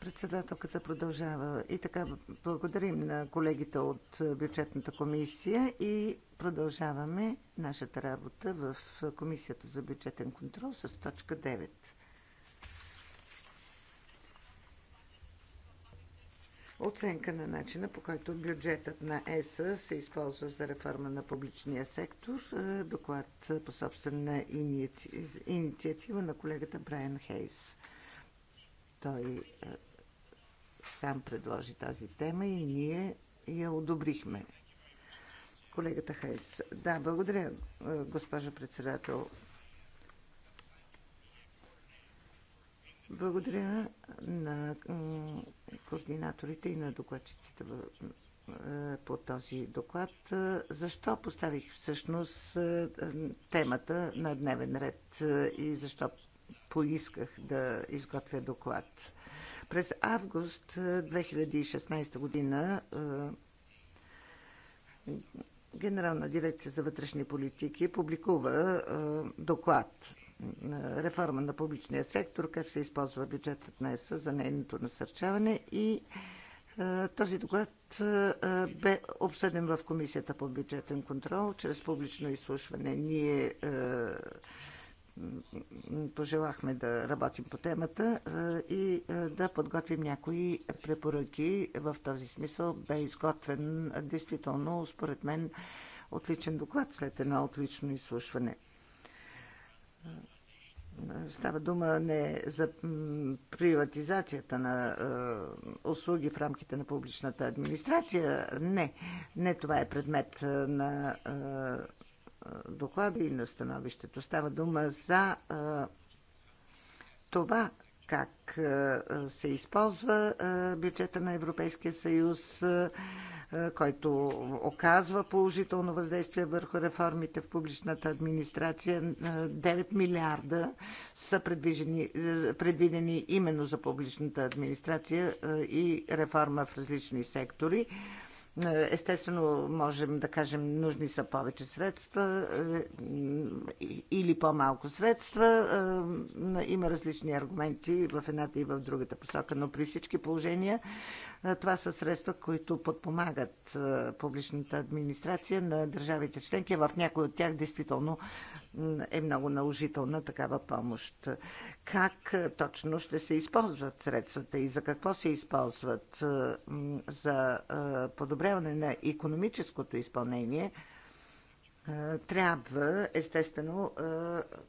Председателката продължава. И така, благодарим на колегите от бюджетната комисия и продължаваме нашата работа в Комисията за бюджетен контрол с точка 9. оценка на начина по който бюджетът на ЕС се използва за реформа на публичния сектор. Е, доклад е, по собствена инициатива на колегата Брайан Хейс. Той е, сам предложи тази тема и ние я одобрихме. Колегата Хейс. Да, благодаря, госпожа председател. Благодаря на координаторите и на докладчиците е, по този доклад. Е, защо поставих всъщност е, темата на дневен ред и защо поисках да изготвя доклад? През август 2016 година Генерална дирекция за вътрешни политики публикува доклад реформа на публичния сектор, как се използва бюджетът на ЕС за нейното насърчаване и този доклад бе обсъден в Комисията по бюджетен контрол чрез публично изслушване. Ние пожелахме да работим по темата и да подготвим някои препоръки. В този смисъл бе изготвен, действително, според мен, отличен доклад след едно отлично изслушване. Става дума не за приватизацията на е, услуги в рамките на публичната администрация. Не, не това е предмет е, на е, доклада и на становището. Става дума за това как се използва бюджета на Европейския съюз. Е, който оказва положително въздействие върху реформите в публичната администрация. 9 е, милиарда са е, предвидени именно за публичната администрация и реформа в различни сектори. Естествено, можем да кажем, нужни са повече средства или по-малко средства. Има различни аргументи в едната и в другата посока, но при всички положения това са средства, които подпомагат публичната администрация на държавите членки. В някои от тях действително е много наложителна такава помощ. Как точно ще се използват средствата и за какво се използват? За подобряване на економическото изпълнение – е, трябва, естествено, е,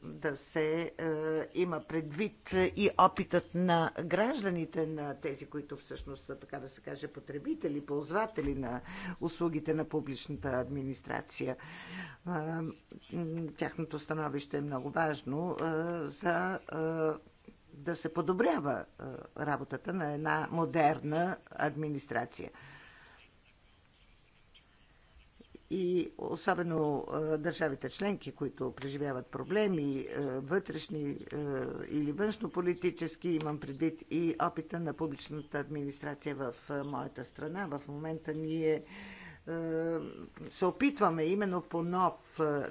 да се е, има предвид и опитът на гражданите, на тези, които всъщност са, така да се каже, потребители, ползватели на услугите на публичната администрация. Тяхното становище е много важно за да се подобрява работата на една модерна администрация и особено държавите членки, които преживяват проблеми, вътрешни или външнополитически, имам предвид и опита на публичната администрация в моята страна. В момента ние се опитваме именно по нов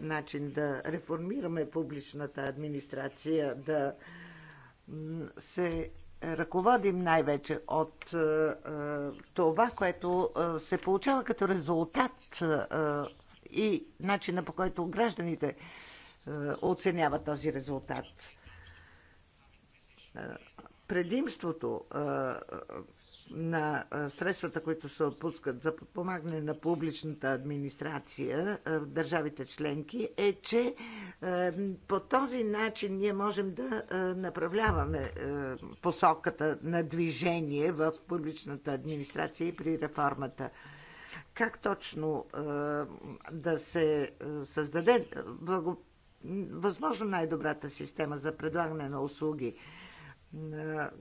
начин да реформираме публичната администрация, да се ръководим най-вече от е, е, това, което е, се получава като резултат и начина по който гражданите оценяват този резултат. Предимството на средствата, които се отпускат за подпомагане на публичната администрация в държавите членки, е, че по този начин ние можем да направляваме посоката на движение в публичната администрация и при реформата. Как точно да се създаде благо... възможно най-добрата система за предлагане на услуги?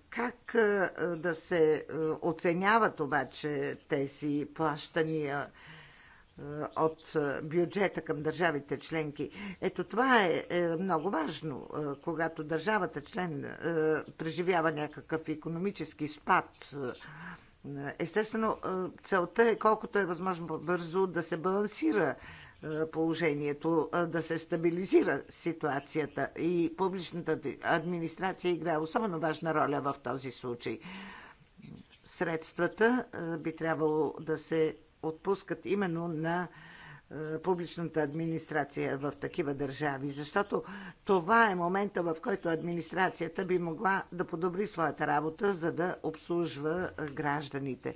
Как да се оценяват обаче тези плащания от бюджета към държавите членки? Ето това е, е много важно, когато държавата член преживява някакъв економически спад. Естествено, целта е колкото е възможно бързо да се балансира е, положението, е, да се стабилизира ситуацията и публичната администрация играе особено важна роля в този случай. Средствата е, би трябвало да се отпускат именно на публичната администрация в такива държави, защото това е момента, в който администрацията би могла да подобри своята работа, за да обслужва гражданите.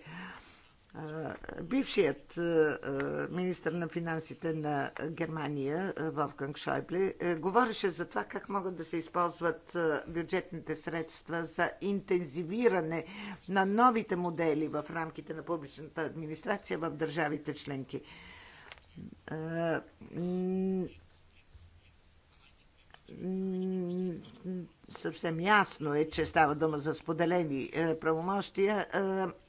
Бившият министр на финансите на Германия, Вовканг Шойбле, говореше за това как могат да се използват бюджетните средства за интензивиране на новите модели в рамките на публичната администрация в държавите членки съвсем ясно е, че става дума за споделени е, правомощия. Е,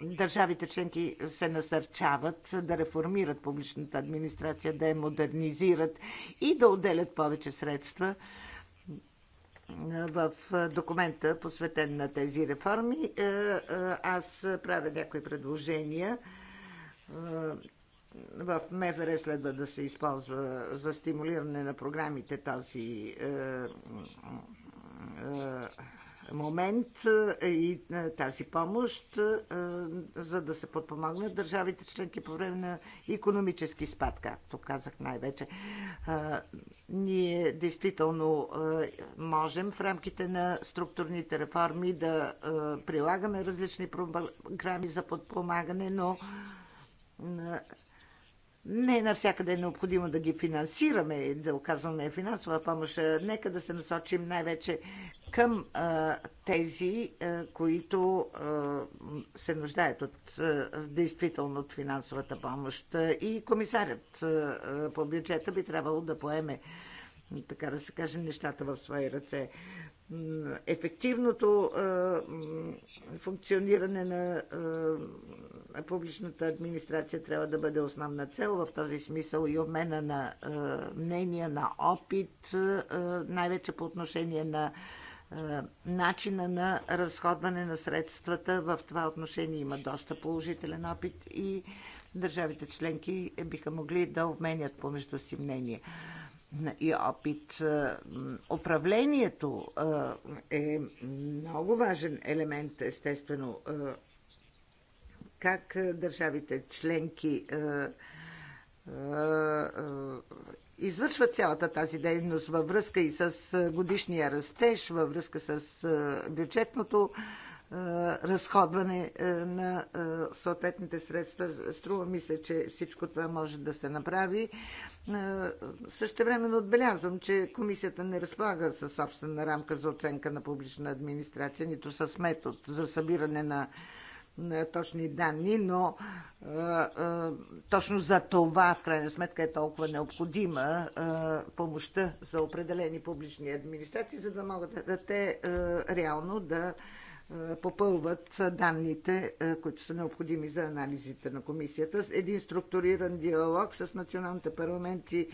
държавите членки се насърчават да реформират публичната администрация, да я модернизират и да отделят повече средства е, в документа, посветен на тези реформи. Аз правя някои предложения. В МФР следва да се използва за стимулиране на програмите този е, момент е, и е, тази помощ, за да се подпомогнат държавите членки по време на економически спад, както казах най-вече. Ние действително можем в рамките на структурните реформи да прилагаме различни програми за подпомагане, но не навсякъде е необходимо да ги финансираме, да оказваме финансова помощ. Нека да се насочим най-вече към а, тези, а, които а, се нуждаят от а, действително от финансовата помощ. И комисарят а, по бюджета би трябвало да поеме, така да се каже, нещата в свои ръце ефективното функциониране на публичната администрация трябва да бъде основна цел. В този смисъл и обмена на мнения, на опит, най-вече по отношение на начина на разходване на средствата. В това отношение има доста положителен опит и държавите членки биха могли да обменят помежду си мнение и опит. Управлението е много важен елемент, естествено. Как държавите членки извършват цялата тази дейност във връзка и с годишния растеж, във връзка с бюджетното разходване на съответните средства. Струва ми се, че всичко това може да се направи е, същевременно отбелязвам, че комисията не разполага със собствена рамка за оценка на публична администрация, нито с метод за събиране на точни данни, но а, е, а, е, точно за това в крайна сметка е толкова необходима а, помощта за определени публични администрации, за да могат да, те реално да попълват данните, е, които са необходими за анализите на комисията. Един структуриран диалог с националните парламенти,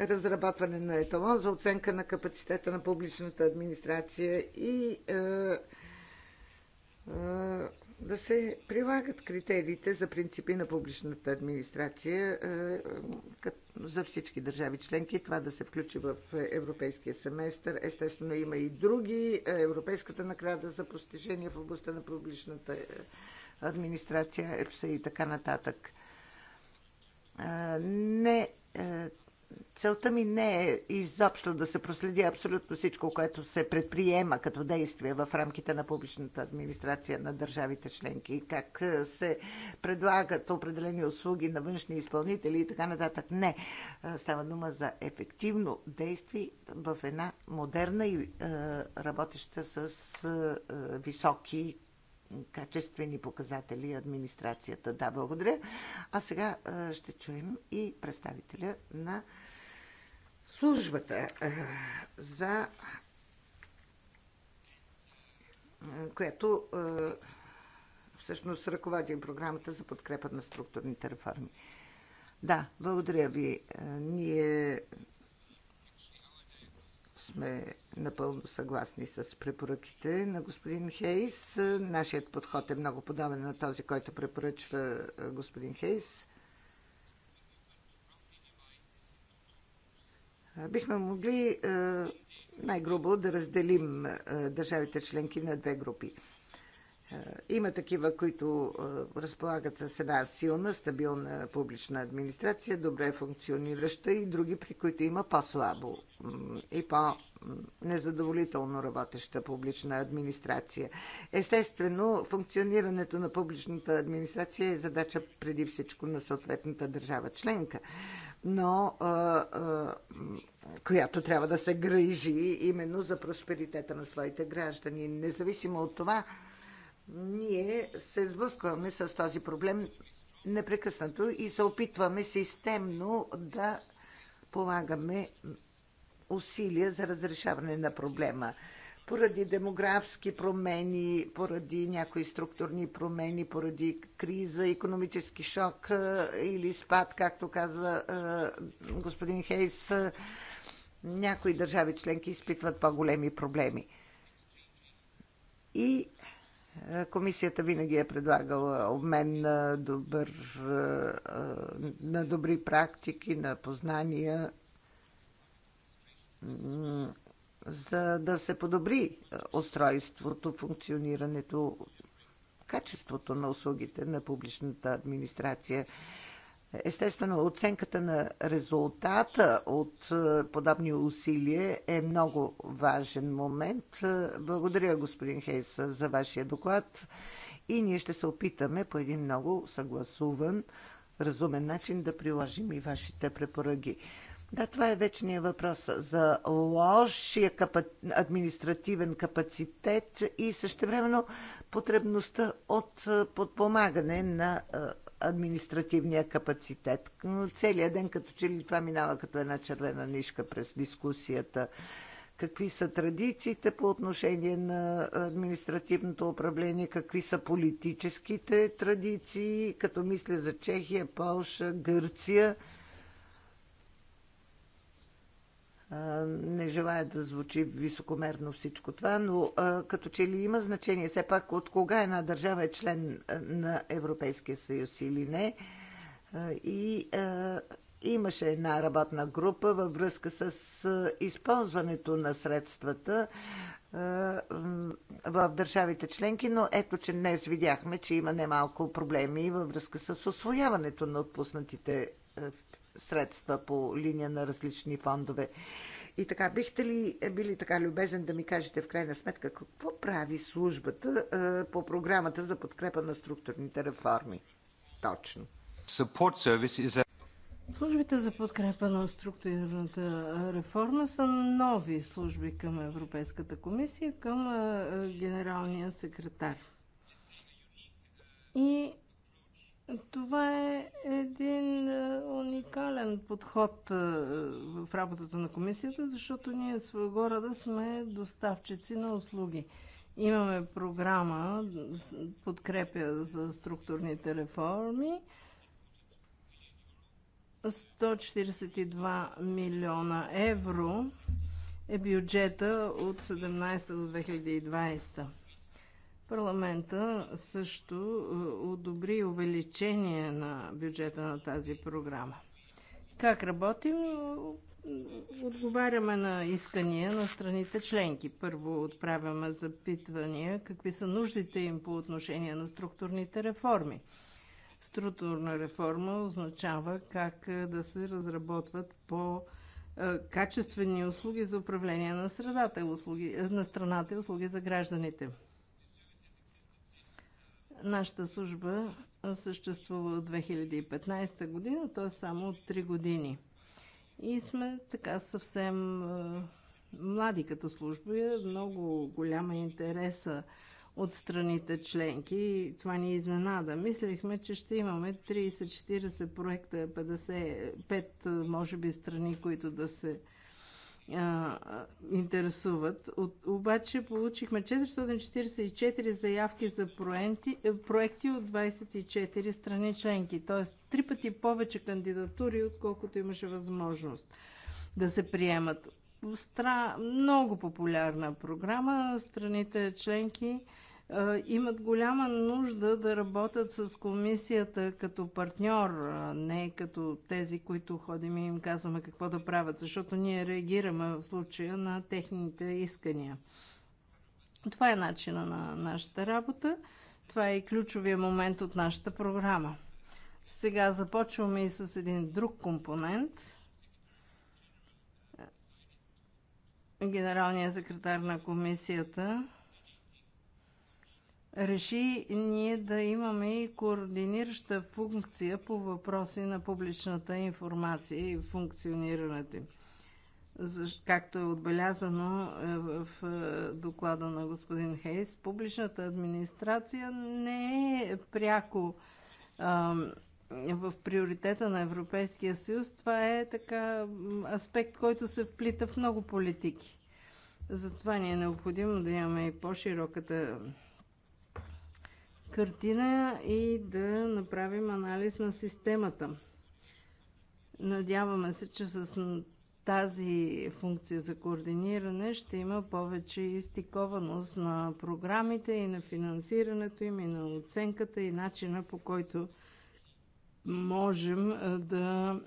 разработване на еталон за оценка на капацитета на публичната администрация и е, е, да се прилагат критериите за принципи на публичната администрация е, за всички държави членки. Това да се включи в европейския семестър. Естествено, има и други. Е, Европейската награда за постижение в областта на публичната е, администрация, ЕПСА и така нататък. Не целта ми не е изобщо да се проследи абсолютно всичко, което се предприема като действие в рамките на публичната администрация на държавите членки, как е, се предлагат определени услуги на външни изпълнители и така нататък. Не. Е, става дума за ефективно действие в една модерна и е, работеща с високи качествени показатели администрацията. Да, благодаря. А сега ще чуем и представителя на службата за която всъщност ръководи програмата за подкрепа на структурните реформи. Да, благодаря ви. Ние сме напълно съгласни с препоръките на господин Хейс. Нашият подход е много подобен на този, който препоръчва е, господин Хейс. Бихме могли е, най-грубо да разделим е, държавите членки на две групи – е, има такива, които е, разполагат с една силна, стабилна публична администрация, добре функционираща и други, при които има по-слабо и по-незадоволително работеща публична администрация. Естествено, функционирането на публичната администрация е задача преди всичко на съответната държава членка, но е, която трябва да се грижи именно за просперитета на своите граждани, независимо от това, ние се сблъскваме с този проблем непрекъснато и се опитваме системно да полагаме усилия за разрешаване на проблема. Поради демографски промени, поради някои структурни промени, поради криза, економически шок или спад, както казва господин Хейс, някои държави членки изпитват по-големи проблеми. И Комисията винаги е предлагала обмен на, добър, е, на добри практики, на познания, за да се подобри устройството, функционирането, качеството на услугите на публичната администрация. Естествено, оценката на резултата от е, подобни усилия е много важен момент. Е, благодаря, господин Хейс, за вашия доклад. И ние ще се опитаме по един много съгласуван, разумен начин да приложим и вашите препоръги. Да, това е вечният въпрос за лошия капа... административен капацитет и същевременно потребността от е, подпомагане на административния капацитет. Целият ден като че ли това минава като една червена нишка през дискусията. Какви са традициите по отношение на административното управление, какви са политическите традиции, като мисля за Чехия, Полша, Гърция – Не желая да звучи високомерно всичко това, но като че ли има значение все пак от кога една държава е член на Европейския съюз или не. И имаше една работна група във връзка с използването на средствата в държавите членки, но ето, че днес видяхме, че има немалко проблеми във връзка с освояването на отпуснатите средства по линия на различни фондове. И така, бихте ли били така любезен да ми кажете в крайна сметка какво прави службата е, по програмата за подкрепа на структурните реформи? Точно. Службите за подкрепа на структурната реформа са нови служби към Европейската комисия, към е, е генералния секретар. И това е един е, уникален подход е, в работата на комисията, защото ние своего рода сме доставчици на услуги. Имаме програма подкрепя за структурните реформи. 142 милиона евро е бюджета от 17 до 2020. Парламента също е, одобри увеличение на бюджета на тази програма. Как работим? Отговаряме на искания на страните членки. Първо отправяме запитвания какви са нуждите им по отношение на структурните реформи. Структурна реформа означава как е, да се разработват по е, качествени услуги за управление на, средата, услуги, на страната и услуги за гражданите. Нашата служба съществува от 2015 година, т.е. само от 3 години. И сме така съвсем млади като служба. Много голяма интереса от страните членки и това ни изненада. Мислехме, че ще имаме 30-40 проекта, 55 може би страни, които да се а, интересуват. От, обаче получихме 444 заявки за проекти, е, проекти от 24 страни членки, т.е. три пъти повече кандидатури, отколкото имаше възможност да се приемат. Стра... Много популярна програма. Страните членки е, имат голяма нужда да работят с комисията като партньор, не като тези, които ходим и им казваме какво да правят, защото ние реагираме в случая на техните искания. Това е начина на нашата работа. Това е и ключовия момент от нашата програма. Сега започваме и с един друг компонент. Генералният секретар на комисията реши ние да имаме и координираща функция по въпроси на публичната информация и функционирането им. Както е отбелязано е, в е, доклада на господин Хейс, публичната администрация не е пряко в приоритета на Европейския съюз. Това е така аспект, който се вплита в много политики. Затова ни е необходимо да имаме и по-широката картина и да направим анализ на системата. Надяваме се, че с тази функция за координиране ще има повече изтикованост на програмите и на финансирането им, и на оценката, и начина по който можем да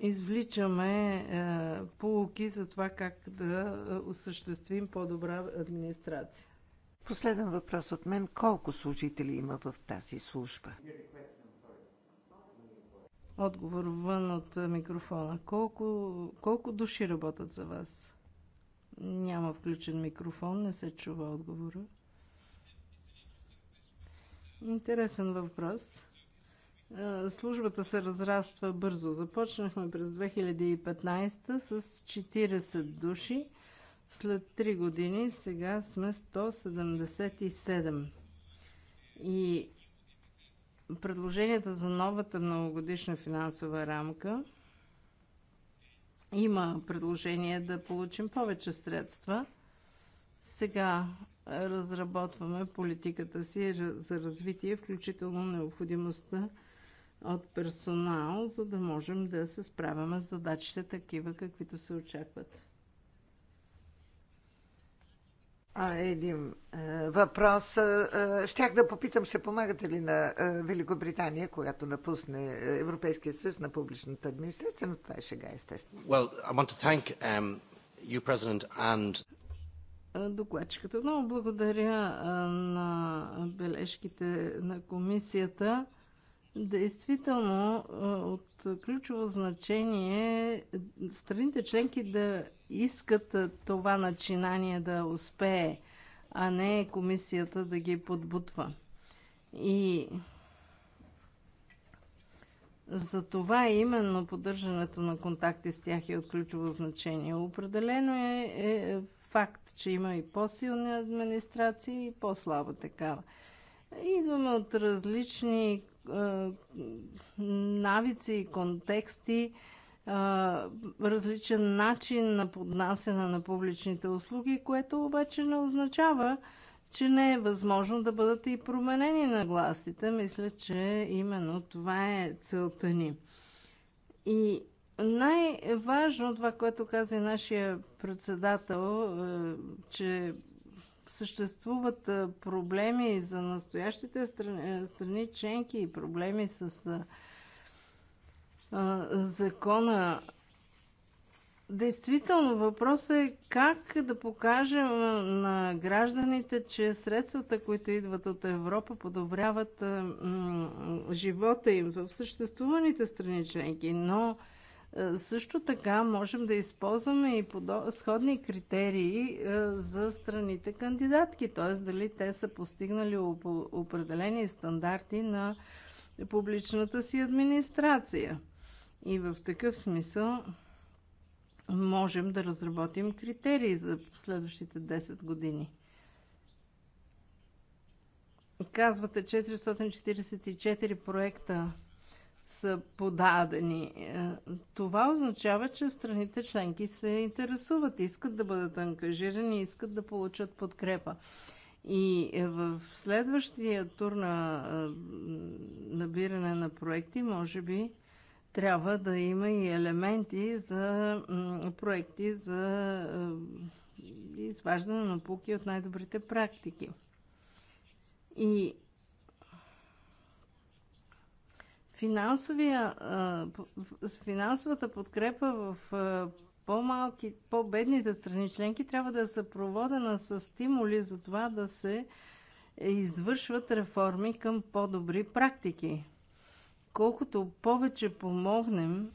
извличаме полуки за това как да осъществим по-добра администрация. Последен въпрос от мен. Колко служители има в тази служба? Отговор вън от микрофона. Колко, колко души работят за вас? Няма включен микрофон, не се чува отговора. Интересен въпрос. Службата се разраства бързо. Започнахме през 2015 с 40 души след 3 години сега сме 177. И предложенията за новата многогодишна финансова рамка има предложение да получим повече средства. Сега разработваме политиката си за развитие, включително необходимостта от персонал, за да можем да се справяме с задачите такива, каквито се очакват. А, един е, въпрос. Е, е, щях да попитам, ще помагате ли на Великобритания, която напусне Европейския съюз на публичната администрация, но това е шега, естествено. Well, I want to thank, um, you, President, and докладчиката. Много благодаря на бележките на комисията. Действително от ключово значение страните членки да искат това начинание да успее, а не комисията да ги подбутва. И за това именно поддържането на контакти с тях е от ключово значение. Определено е, е, е факт, че има и по-силни администрации и по-слаба такава. Идваме от различни е, навици и контексти. Е, различен начин на поднасяне на публичните услуги, което обаче не означава, че не е възможно да бъдат и променени нагласите. Мисля, че именно това е целта ни. И най-важно това, което каза и нашия председател, е, че съществуват проблеми за настоящите страни, страни членки и проблеми с закона. Действително, въпросът е как да покажем на гражданите, че средствата, които идват от Европа, подобряват живота им в съществуваните страни членки, но също така можем да използваме и сходни критерии за страните кандидатки, т.е. дали те са постигнали определени стандарти на публичната си администрация. И в такъв смисъл можем да разработим критерии за следващите 10 години. Казвате, 444 проекта са подадени. Е, това означава, че страните членки се интересуват, искат да бъдат ангажирани, искат да получат подкрепа. И е, в следващия тур на е, набиране на проекти, може би, трябва да има и елементи за проекти за изваждане на пуки от най-добрите практики. И финансовия, финансовата подкрепа в по-малки, по-бедните страни членки трябва да е съпроводена с стимули за това да се е, извършват реформи към по-добри практики колкото повече помогнем,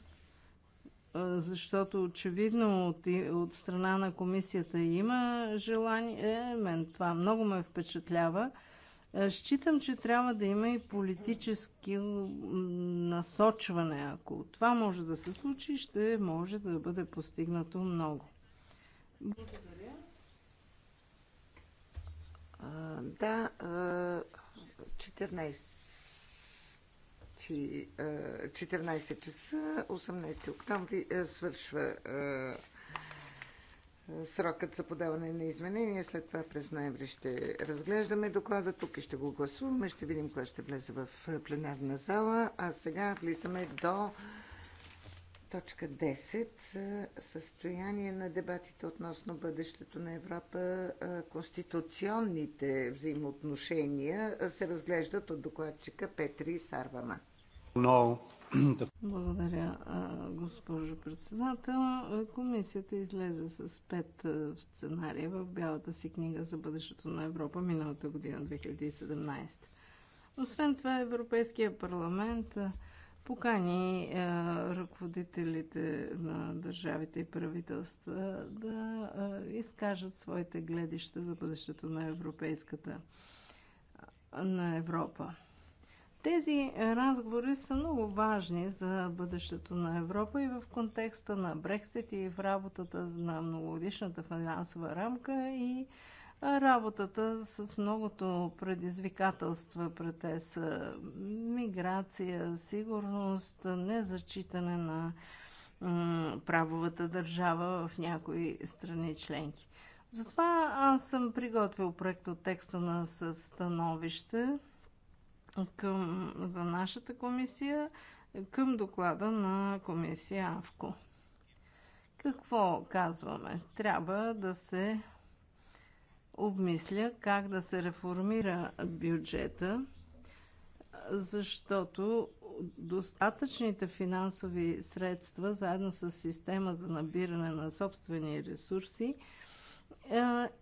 защото очевидно от, от страна на комисията има желание, мен това много ме впечатлява, считам, че трябва да има и политически насочване. Ако това може да се случи, ще може да бъде постигнато много. Благодаря. да, 14 14 значи, е, часа, 18 октомври, е, свършва е, срокът за подаване на изменения. След това през ноември ще разглеждаме доклада. Тук и ще го гласуваме. Ще видим кога ще влезе в пленарна зала. А сега влизаме до точка 10 състояние на дебатите относно бъдещето на Европа. Конституционните взаимоотношения се разглеждат от докладчика Петри Сарвама. Благодаря, госпожо председател. Комисията излезе с пет сценария в Бялата си книга за бъдещето на Европа миналата година, 2017. Освен това, Европейския парламент покани ръководителите на държавите и правителства да изкажат своите гледища за бъдещето на Европейската на Европа. Тези е, разговори са много важни за бъдещето на Европа и в контекста на Брексит и в работата на многогодишната финансова рамка и е, работата с многото предизвикателства пред ЕС. Миграция, сигурност, незачитане на правовата държава в някои страни членки. Затова аз съм приготвил проект от текста на състановище, към, за нашата комисия към доклада на комисия АВКО. Какво казваме? Трябва да се обмисля как да се реформира бюджета, защото достатъчните финансови средства, заедно с система за набиране на собствени ресурси,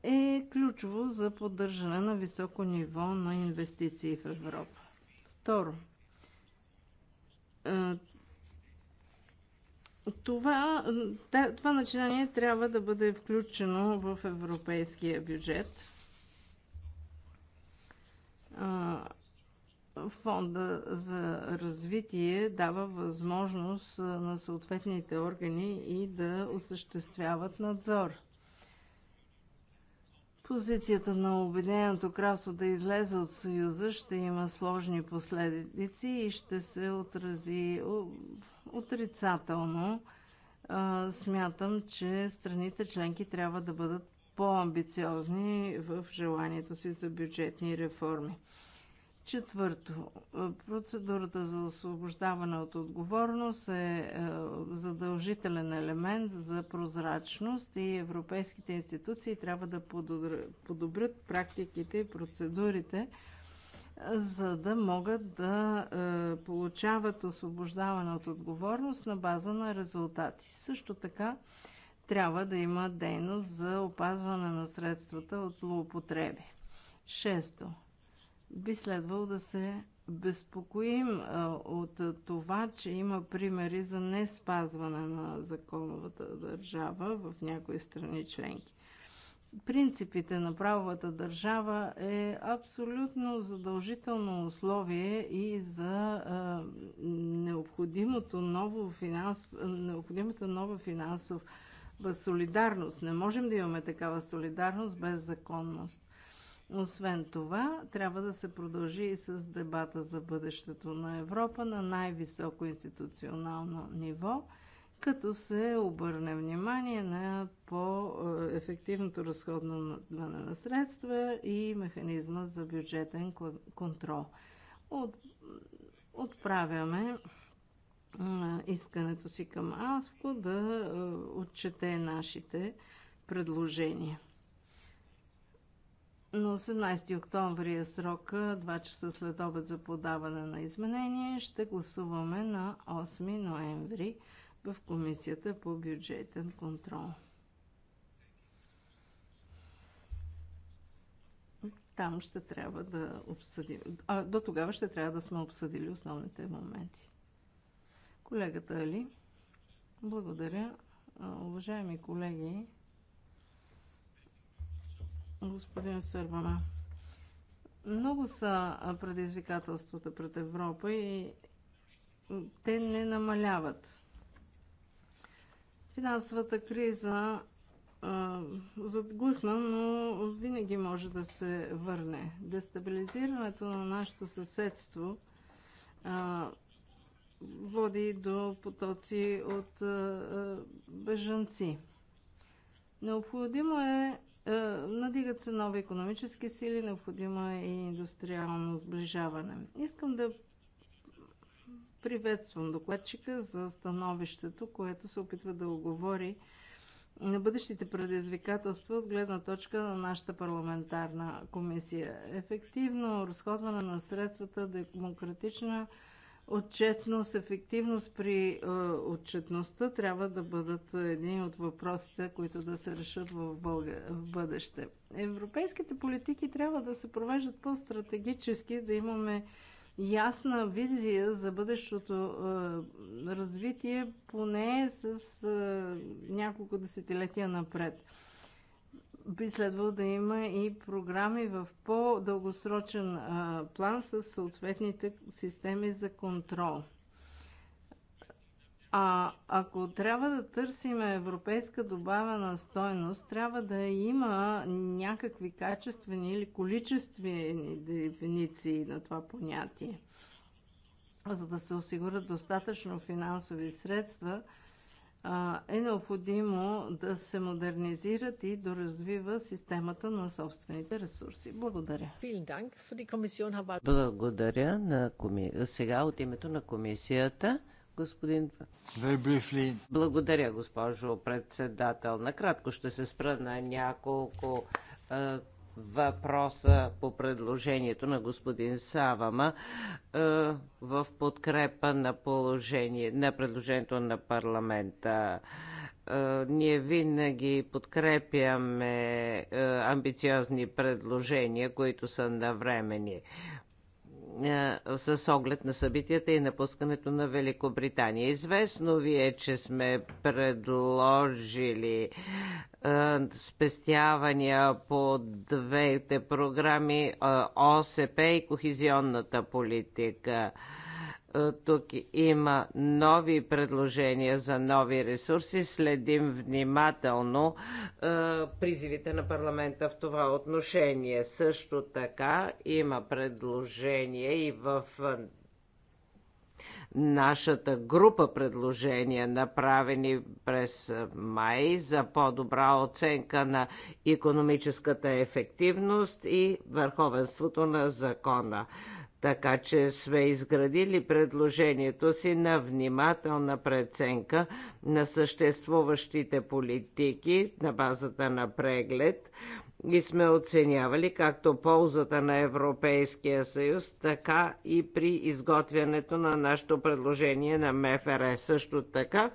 е ключово за поддържане на високо ниво на инвестиции в Европа. Второ, е, това, това начинание трябва да бъде включено в европейския бюджет. Е, фонда за развитие дава възможност е, на съответните органи и да осъществяват надзор – позицията на Обединеното кралство да излезе от Съюза ще има сложни последици и ще се отрази отрицателно. Смятам, че страните членки трябва да бъдат по-амбициозни в желанието си за бюджетни реформи. Четвърто, е, процедурата за освобождаване от отговорност е, е задължителен елемент за прозрачност и европейските институции трябва да подобрят практиките и процедурите, е, за да могат да получават освобождаване от отговорност на база на резултати. Също така трябва да има дейност за опазване на средствата от злоупотреби. Шесто, би следвало да се безпокоим от това, че има примери за не спазване на законовата държава в някои страни членки. Принципите на правовата държава е абсолютно задължително условие и за необходимото ново финансов, необходимата нова финансов солидарност. Не можем да имаме такава солидарност без законност. Освен това, трябва да се продължи и с дебата за бъдещето на Европа на най-високо институционално ниво, като се обърне внимание на по-ефективното разходване на средства и механизма за бюджетен контрол. От, отправяме искането си към АСКО да отчете нашите предложения. На 18 октомври е срока, 2 часа след обед за подаване на изменение. Ще гласуваме на 8 ноември в Комисията по бюджетен контрол. Там ще трябва да обсъдим. А, до тогава ще трябва да сме обсъдили основните моменти. Колегата Али, благодаря. Уважаеми колеги, господин Сърбана. Много са предизвикателствата пред Европа и те не намаляват. Финансовата криза задглъхна, но винаги може да се върне. Дестабилизирането на нашето съседство а, води до потоци от а, бежанци. Необходимо е е, надигат се нови економически сили, необходимо е и индустриално сближаване. Искам да приветствам докладчика за становището, което се опитва да оговори на бъдещите предизвикателства от гледна точка на нашата парламентарна комисия. Ефективно разходване на средствата, демократична Отчетност, ефективност при е, отчетността трябва да бъдат едни от въпросите, които да се решат в, Бълга, в бъдеще. Европейските политики трябва да се провеждат по-стратегически, да имаме ясна визия за бъдещото е, развитие, поне с е, няколко десетилетия напред би следвало да има и програми в по-дългосрочен план с съответните системи за контрол. А ако трябва да търсим европейска добавена стойност, трябва да има някакви качествени или количествени дефиниции на това понятие. За да се осигурят достатъчно финансови средства – е необходимо да се модернизират и доразвива системата на собствените ресурси. Благодаря. Благодаря на коми... сега от името на комисията господин. Благодаря, госпожо председател. Накратко ще се спра на няколко въпроса по предложението на господин Савама е, в подкрепа на, положение, на предложението на парламента. Е, ние винаги подкрепяме е, амбициозни предложения, които са навремени. Е, с оглед на събитията и напускането на Великобритания. Известно ви е, че сме предложили е, спестявания по двете програми е, ОСП и кохезионната политика. Е, тук има нови предложения за нови ресурси. Следим внимателно е, призивите на парламента в това отношение. Също така има предложение и в е, нашата група предложения, направени през май за по-добра оценка на економическата ефективност и върховенството на закона. Така че сме изградили предложението си на внимателна преценка на съществуващите политики на базата на преглед и сме оценявали както ползата на Европейския съюз, така и при изготвянето на нашето предложение на МФР. Също така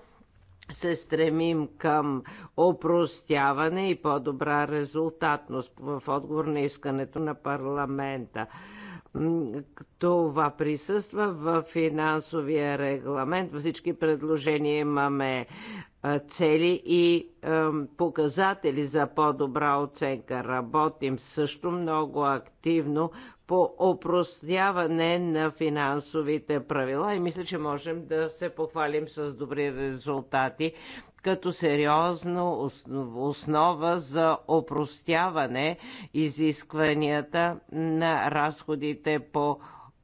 се стремим към опростяване и по-добра резултатност в отговор на искането на парламента. Това присъства в финансовия регламент. Всички предложения имаме цели и показатели за по-добра оценка. Работим също много активно по опростяване на финансовите правила и мисля, че можем да се похвалим с добри резултати като сериозна основа за опростяване изискванията на разходите по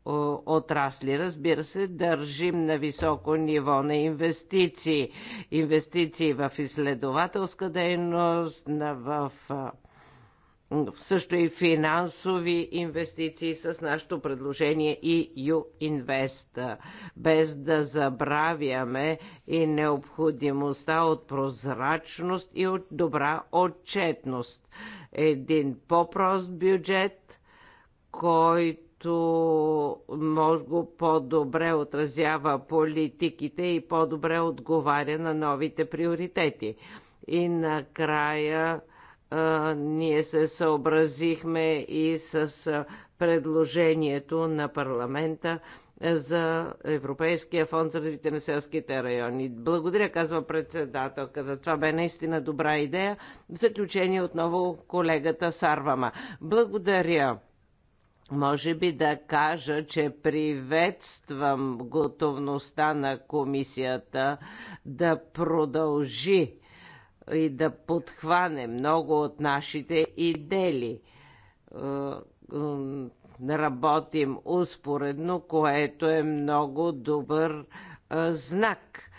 е, отрасли. Разбира се, държим на високо ниво на инвестиции. Инвестиции в изследователска дейност, в е, също и финансови инвестиции с нашето предложение и Invest, без да забравяме и необходимостта от прозрачност и от добра отчетност. Един по-прост бюджет, който който може по-добре отразява политиките и по-добре отговаря на новите приоритети. И накрая а, ние се съобразихме и с предложението на парламента за Европейския фонд за развитие на селските райони. Благодаря, казва председателката. Това бе наистина добра идея. В заключение отново колегата Сарвама. Благодаря. Може би да кажа, че приветствам готовността на комисията да продължи и да подхване много от нашите идеи е, работим успоредно, което е много добър е, знак.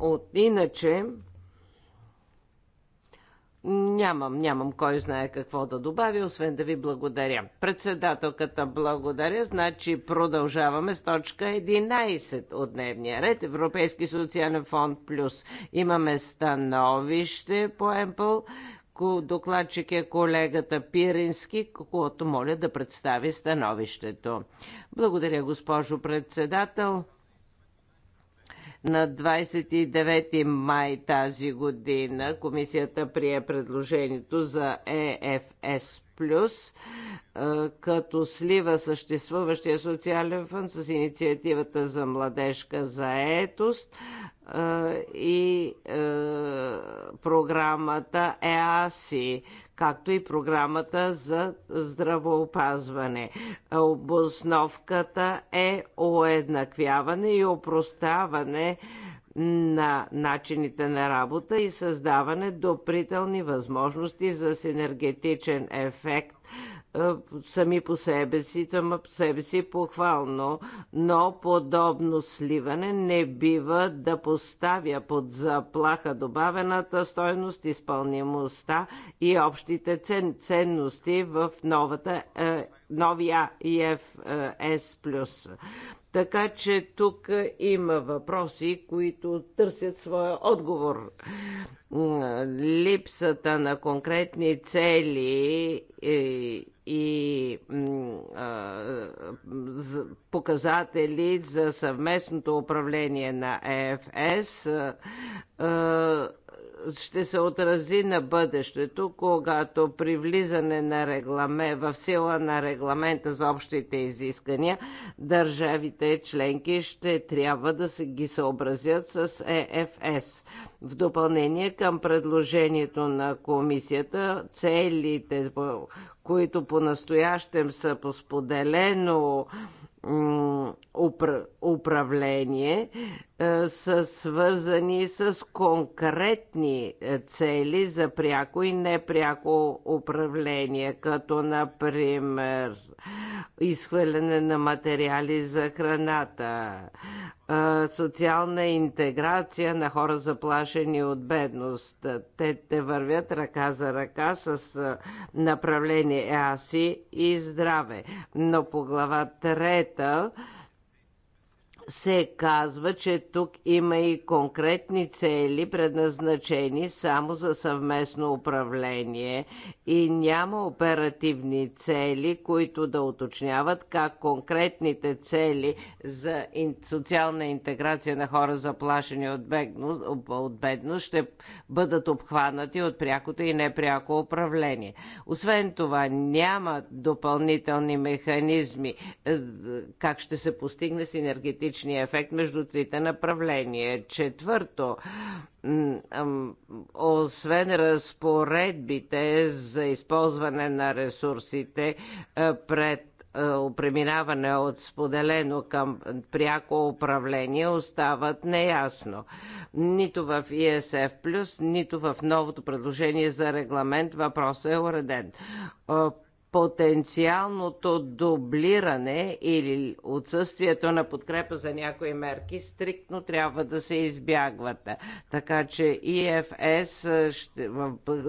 От иначе Нямам, нямам кой знае какво да добавя, освен да ви благодаря. Председателката благодаря, значи продължаваме с точка 11 от дневния ред. Европейски социален фонд плюс. Имаме становище по Емпл. Докладчик е колегата Пирински, когато моля да представи становището. Благодаря, госпожо председател. На 29 май тази година комисията прие предложението за ЕФС Плюс, като слива съществуващия социален фонд с инициативата за младежка заетост, и е, програмата ЕАСИ, както и програмата за здравоопазване. Обосновката е уеднаквяване и опроставане на начините на работа и създаване допрителни възможности за синергетичен ефект е, сами по себе си, тама по себе си е похвално, но подобно сливане не бива да поставя под заплаха добавената стойност, изпълнимостта и общите цен, ценности в новата е, новия EFS+. Е, така че тук има въпроси, които търсят своя отговор. Липсата на конкретни цели е, и, и а, показатели за съвместното управление на ЕФС а, а, ще се отрази на бъдещето, когато при влизане на регламе, в сила на регламента за общите изискания, държавите членки ще трябва да се ги съобразят с ЕФС. В допълнение към предложението на комисията, целите, които по-настоящем са по споделено управление, е, са свързани с конкретни е, цели за пряко и непряко управление, като например изхвърляне на материали за храната, е, социална интеграция на хора заплашени от бедност. Те, те вървят ръка за ръка с направление ЕАСИ и здраве. Но по глава трета се казва, че тук има и конкретни цели, предназначени само за съвместно управление и няма оперативни цели, които да уточняват как конкретните цели за социална интеграция на хора заплашени от бедност, от бедност ще бъдат обхванати от прякото и непряко управление. Освен това, няма допълнителни механизми е, как ще се постигне синергетичен различния ефект между трите направления. Четвърто, освен разпоредбите за използване на ресурсите е, пред е, преминаване от споделено към пряко управление остават неясно. Нито в ESF+, нито в новото предложение за регламент въпросът е уреден. Е, потенциалното дублиране или отсъствието на подкрепа за някои мерки стриктно трябва да се избягват. Така че ИФС,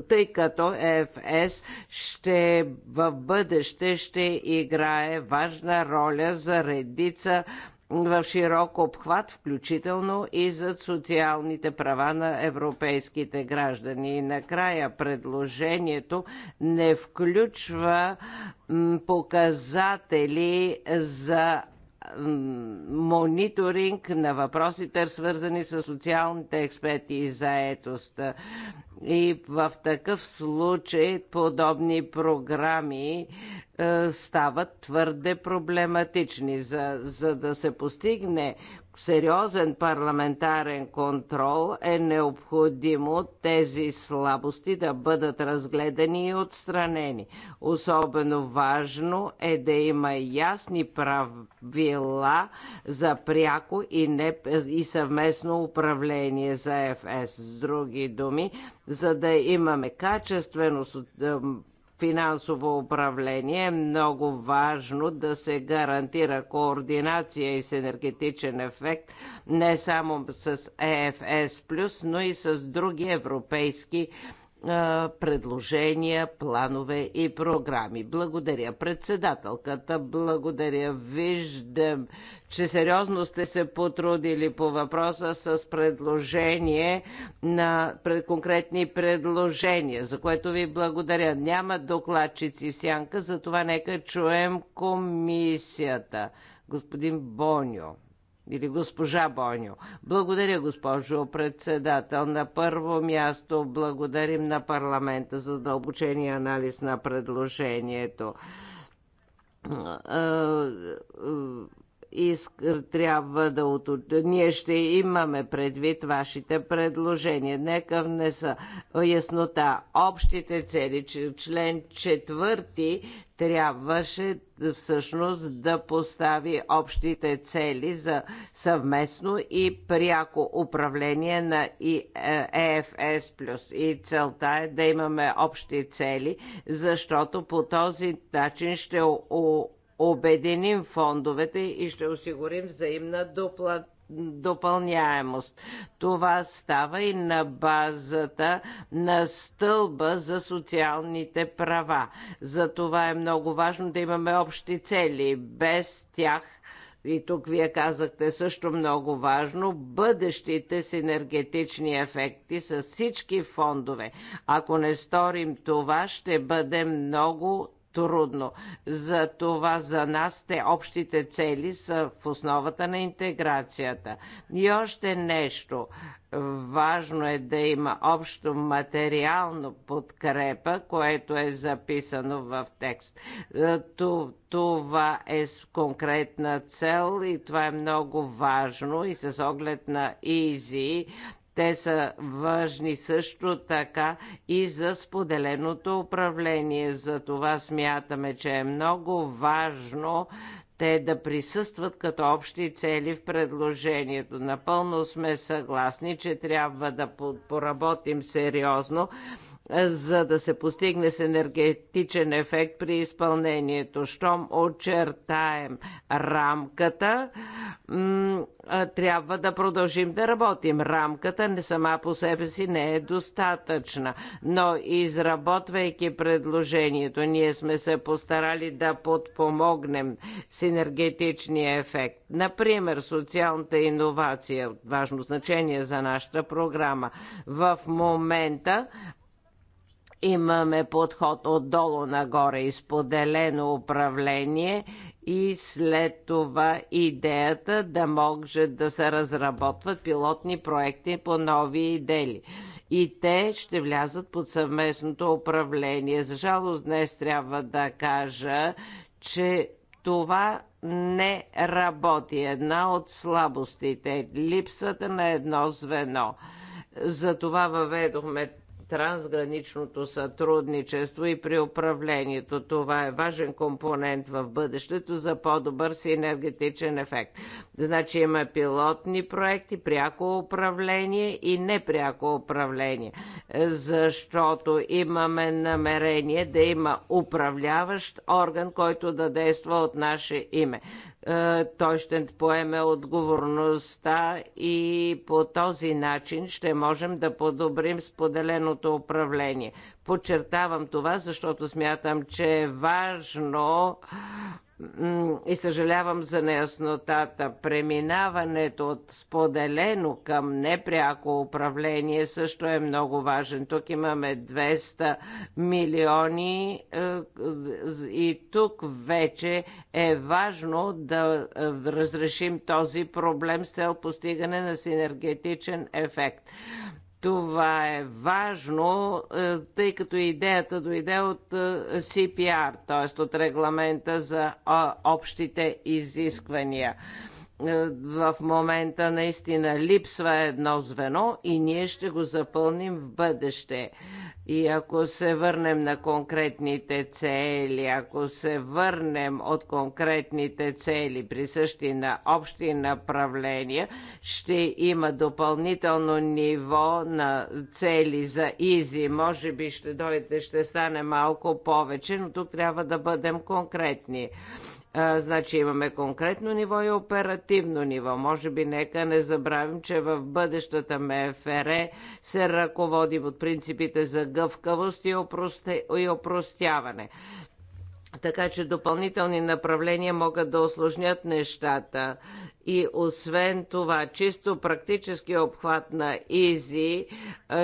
тъй като ЕФС ще в бъдеще ще играе важна роля за редица в широк обхват, включително и за социалните права на европейските граждани. И накрая предложението не включва показатели за мониторинг на въпросите, свързани с социалните експерти и заетост. И в такъв случай подобни програми е, стават твърде проблематични. За, за да се постигне сериозен парламентарен контрол е необходимо тези слабости да бъдат разгледани и отстранени. Особено важно е да има ясни правила за пряко и, не, и съвместно управление за ФС. С други думи, за да имаме качествено финансово управление е много важно да се гарантира координация и енергетичен ефект не само с ЕФС+, но и с други европейски предложения, планове и програми. Благодаря председателката, благодаря. Виждам, че сериозно сте се потрудили по въпроса с предложение на пред конкретни предложения, за което ви благодаря. Няма докладчици в сянка, затова нека чуем комисията. Господин Боньо или госпожа Боню. Благодаря, госпожо председател. На първо място благодарим на парламента за дълбочения анализ на предложението искр, трябва да уточ... Ние ще имаме предвид вашите предложения. Нека внеса яснота. Общите цели, член четвърти трябваше всъщност да постави общите цели за съвместно и пряко управление на ЕФС+. Е и целта е да имаме общи цели, защото по този начин ще обединим фондовете и ще осигурим взаимна доплата допълняемост. Това става и на базата на стълба за социалните права. Затова е много важно да имаме общи цели. Без тях и тук вие казахте също много важно, бъдещите енергетични ефекти с всички фондове. Ако не сторим това, ще бъде много трудно. За това за нас те общите цели са в основата на интеграцията. И още нещо. Важно е да има общо материално подкрепа, което е записано в текст. Е, това е с конкретна цел и това е много важно и с оглед на ИЗИ те са важни също така и за споделеното управление. За това смятаме, че е много важно те да присъстват като общи цели в предложението. Напълно сме съгласни, че трябва да поработим сериозно за да се постигне с енергетичен ефект при изпълнението. Щом очертаем рамката, трябва да продължим да работим. Рамката не сама по себе си не е достатъчна, но изработвайки предложението, ние сме се постарали да подпомогнем синергетичния ефект. Например, социалната иновация, важно значение за нашата програма. В момента Имаме подход отдолу нагоре, изподелено управление и след това идеята да може да се разработват пилотни проекти по нови идеи. И те ще влязат под съвместното управление. За жалост днес трябва да кажа, че това не работи. Една от слабостите е липсата на едно звено. Затова въведохме трансграничното сътрудничество и при управлението. Това е важен компонент в бъдещето за по-добър синергетичен ефект. Значи има пилотни проекти, пряко управление и непряко управление, защото имаме намерение да има управляващ орган, който да действа от наше име. Е, той ще поеме отговорността и по този начин ще можем да подобрим споделеното управление. Подчертавам това, защото смятам, че е важно и съжалявам за неяснотата, преминаването от споделено към непряко управление също е много важен. Тук имаме 200 милиони е, и тук вече е важно да е, разрешим този проблем с цел постигане на синергетичен ефект. Това е важно, е, тъй като идеята дойде от е, CPR, т.е. от регламента за общите изисквания е, в момента наистина липсва едно звено и ние ще го запълним в бъдеще. И ако се върнем на конкретните цели, ако се върнем от конкретните цели, присъщи на общи направления, ще има допълнително ниво на цели за изи. Може би ще дойде, ще стане малко повече, но тук трябва да бъдем конкретни. А, значи имаме конкретно ниво и оперативно ниво. Може би нека не забравим, че в бъдещата МФР се ръководим от принципите за гъвкавост и, опросте, и опростяване така че допълнителни направления могат да осложнят нещата. И освен това, чисто практически обхват на Изи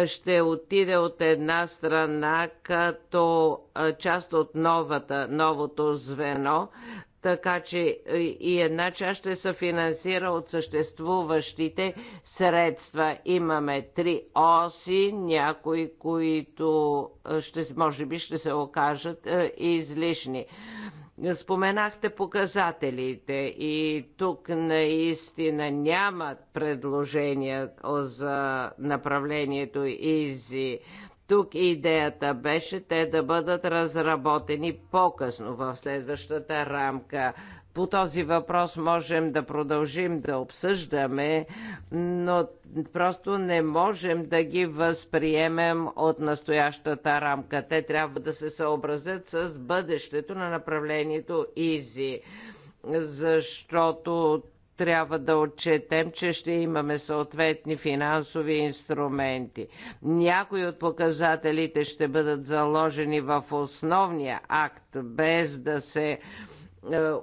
ще отиде от една страна като част от новата, новото звено така че е, и една част ще се финансира от съществуващите средства. Имаме три оси, някои, които е, ще, може би ще се окажат е, излишни. Споменахте показателите и тук наистина нямат предложения за направлението ИЗИ. Тук идеята беше те да бъдат разработени по-късно в следващата рамка. По този въпрос можем да продължим да обсъждаме, но просто не можем да ги възприемем от настоящата рамка. Те трябва да се съобразят с бъдещето на направлението ИЗИ, защото трябва да отчетем, че ще имаме съответни финансови инструменти. Някои от показателите ще бъдат заложени в основния акт, без да се е,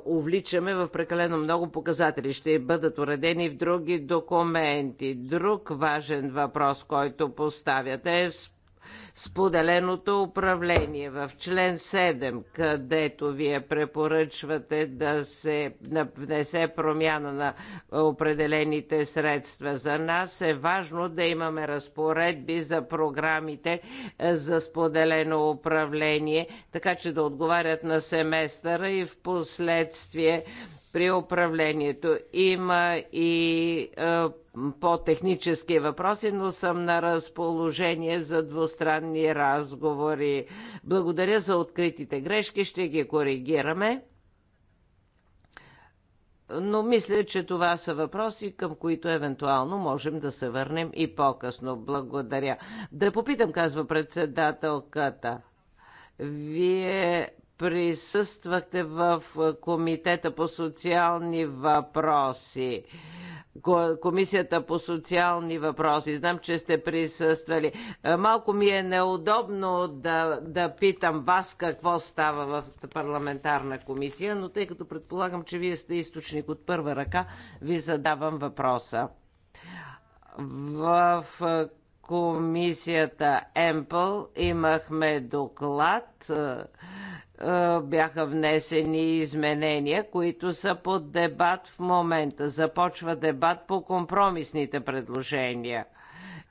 увличаме в прекалено много показатели. Ще бъдат уредени в други документи. Друг важен въпрос, който поставяте е споделеното управление в член 7, където вие препоръчвате да се внесе промяна на определените средства. За нас е важно да имаме разпоредби за програмите за споделено управление, така че да отговарят на семестъра и в последствие при управлението. Има и по технически въпроси, но съм на разположение за двустранни разговори. Благодаря за откритите грешки, ще ги коригираме. Но мисля, че това са въпроси, към които евентуално можем да се върнем и по-късно. Благодаря. Да попитам, казва председателката. Вие присъствахте в Комитета по социални въпроси. Комисията по социални въпроси. Знам, че сте присъствали. Е, малко ми е неудобно да, да питам вас какво става в парламентарна комисия, но тъй като предполагам, че вие сте източник от първа ръка, ви задавам въпроса. В е, комисията Емпъл имахме доклад е, бяха внесени изменения, които са под дебат в момента. Започва дебат по компромисните предложения.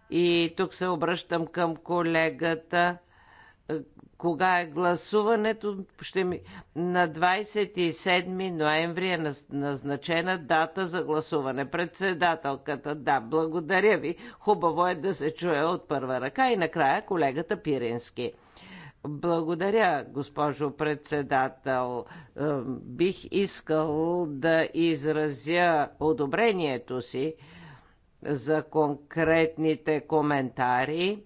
И тук се обръщам към колегата. Кога е гласуването? Ще ми... На 27 ноември е назначена дата за гласуване. Председателката, да, благодаря ви. Хубаво е да се чуе от първа ръка. И накрая колегата Пирински. Благодаря, госпожо председател. Бих искал да изразя одобрението си за конкретните коментари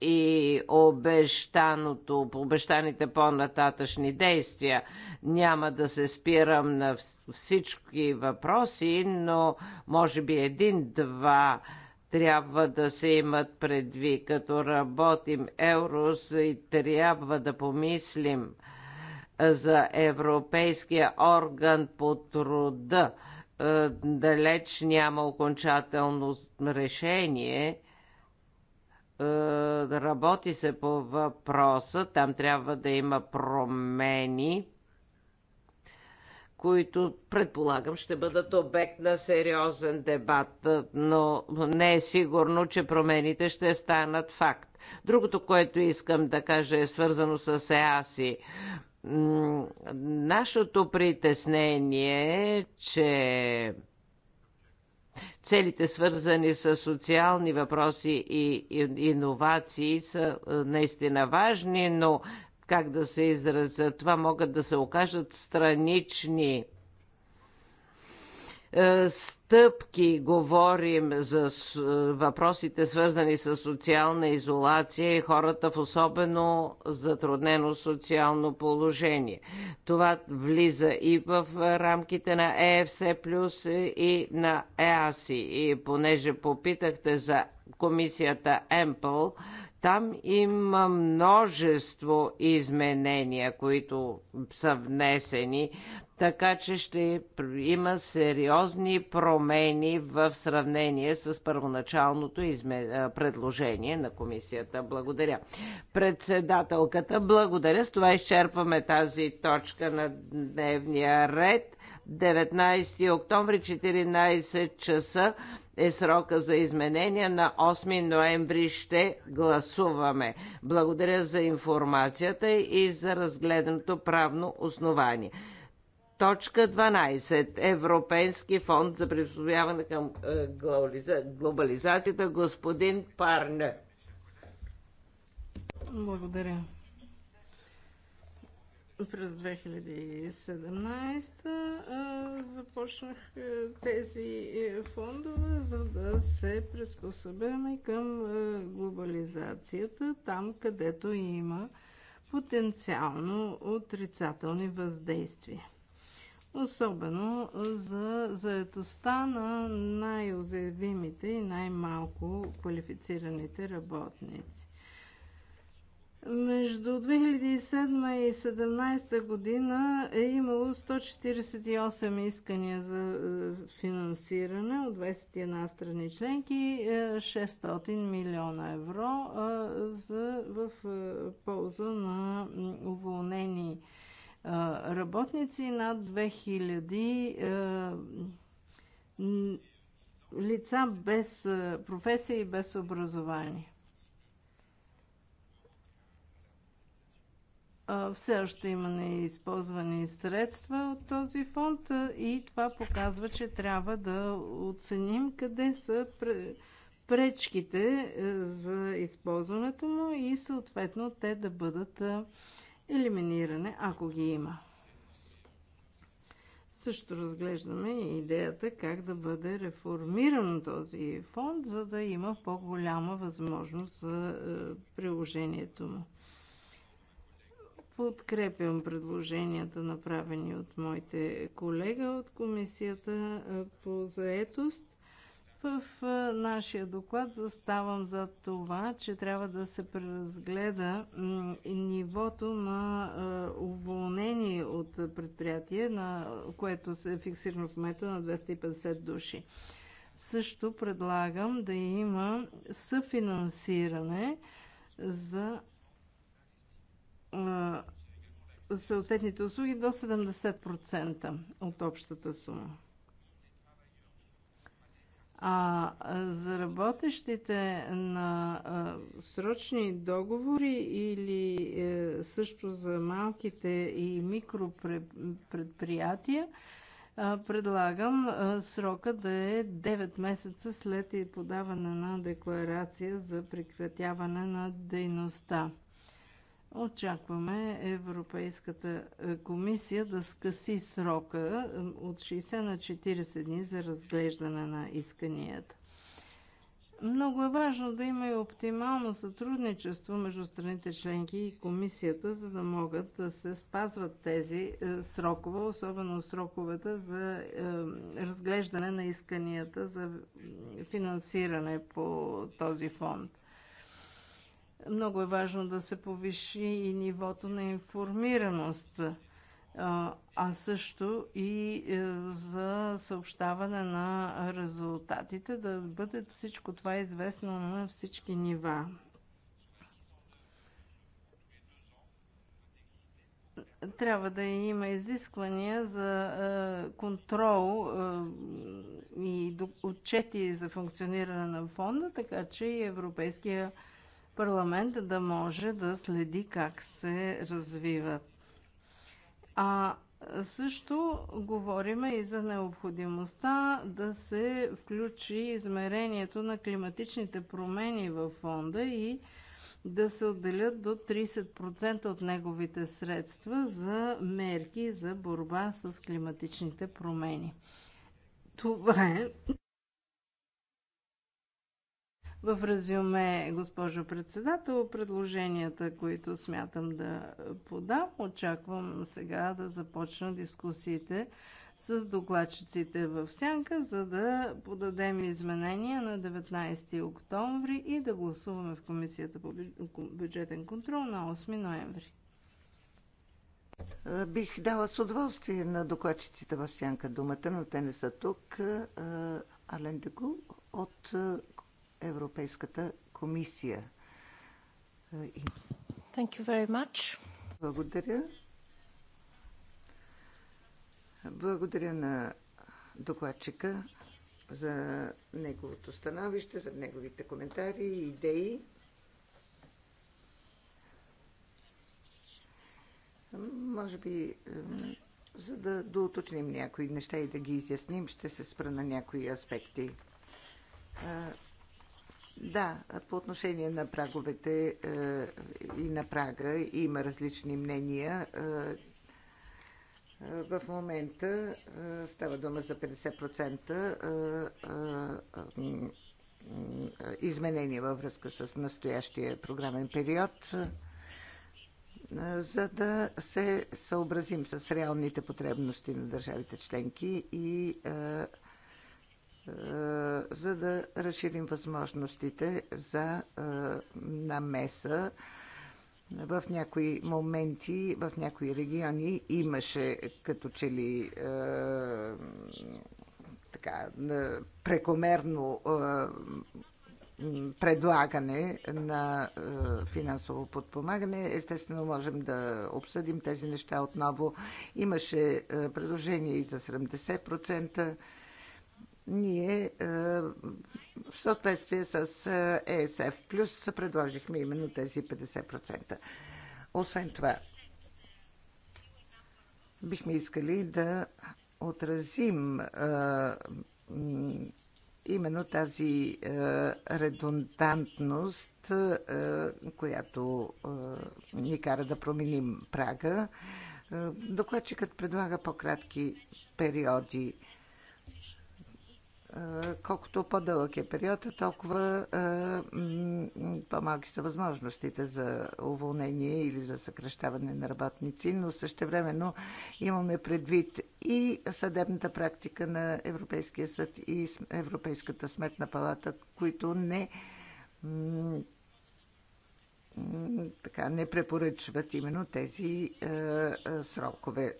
и обещаното, обещаните по-нататъчни действия. Няма да се спирам на всички въпроси, но може би един-два трябва да се имат предви. Като работим Еврос и трябва да помислим за Европейския орган по труда. Далеч няма окончателно решение. Работи се по въпроса. Там трябва да има промени които предполагам ще бъдат обект на сериозен дебат, но не е сигурно, че промените ще станат факт. Другото, което искам да кажа е свързано с ЕАСИ. Нашето притеснение е, че целите свързани с социални въпроси и иновации са е, наистина важни, но как да се изразя, това могат да се окажат странични е, стъпки говорим за е, въпросите свързани с социална изолация и хората в особено затруднено социално положение. Това влиза и в рамките на ЕФС плюс и на ЕАСИ. И понеже попитахте за комисията Емпл, там има множество изменения, които са внесени, така че ще има сериозни промени в сравнение с първоначалното изме... предложение на комисията. Благодаря. Председателката, благодаря. С това изчерпваме тази точка на дневния ред. 19 октомври 14 часа е срока за изменения. На 8 ноември ще гласуваме. Благодаря за информацията и за разгледаното правно основание. Точка 12. Европейски фонд за приспособяване към е, глобализацията. Господин Парне. Благодаря през 2017 започнах тези е, фондове, за да се приспособяме към глобализацията, там където има потенциално отрицателни въздействия. Особено за заетостта на най-озявимите и най-малко квалифицираните работници. Между 2007 и 2017 година е имало 148 искания за е, финансиране от 21 страни членки, 600 е, милиона евро е, за, в полза на уволнени работници над 2000 лица без професия и без образование. Все още има неизползвани средства от този фонд и това показва, че трябва да оценим къде са пречките е, за използването му и съответно те да бъдат елиминирани, ако ги има. Също разглеждаме и идеята как да бъде реформиран този фонд, за да има по-голяма възможност за е, приложението му подкрепям предложенията, направени от моите колега от Комисията по заетост. В нашия доклад заставам за това, че трябва да се преразгледа нивото на уволнение от предприятие, на което се е фиксирано в момента на 250 души. Също предлагам да има съфинансиране за съответните услуги до 70% от общата сума. А за работещите на срочни договори или е, също за малките и микропредприятия, предлагам срока да е 9 месеца след подаване на декларация за прекратяване на дейността. Очакваме Европейската е, комисия да скъси срока е, от 60 на 40 дни за разглеждане на исканията. Много е важно да има и оптимално сътрудничество между страните членки и комисията, за да могат да се спазват тези е, срокове, особено сроковете за разглеждане на исканията за финансиране по този фонд. Много е важно да се повиши и нивото на информираност, а също и е, за съобщаване на резултатите, да бъде всичко това известно на всички нива. трябва да има изисквания за е, контрол е, и отчети за функциониране на фонда, така че и Европейския парламент да може да следи как се развиват. А също говориме и за необходимостта да се включи измерението на климатичните промени във фонда и да се отделят до 30% от неговите средства за мерки за борба с климатичните промени. Това е в резюме, госпожо председател, предложенията, които смятам да подам, очаквам сега да започна дискусиите с докладчиците в сянка, за да подадем изменения на 19 октомври и да гласуваме в Комисията по бюджетен контрол на 8 ноември. Бих дала с удоволствие на докладчиците в сянка думата, но те не са тук. Ален Дегу от Европейската комисия. Thank you very much. Благодаря. Благодаря на докладчика за неговото становище, за неговите коментари и идеи. Може би, за да доуточним някои неща и да ги изясним, ще се спра на някои аспекти. Да, по отношение на праговете е, и на прага има различни мнения. Е, е, в момента става дума за 50% изменения във връзка с настоящия програмен период, за да се съобразим с реалните потребности на държавите членки и е, за да разширим възможностите за е, намеса. В някои моменти, в някои региони имаше като че ли е, така, прекомерно предлагане на финансово подпомагане. Естествено, можем да обсъдим тези неща отново. Имаше предложение и за 70% ние е, в съответствие с ESF е, е Плюс предложихме именно тези 50%. Освен това, бихме искали да отразим именно тази редундантност, която ни кара да променим прага. Докладчикът предлага по-кратки периоди колкото по-дълъг е периода, толкова по-малки са възможностите за уволнение или за съкръщаване на работници, но същевременно имаме предвид и съдебната практика на Европейския съд и Европейската сметна палата, които не така, не препоръчват именно тези е, е, срокове.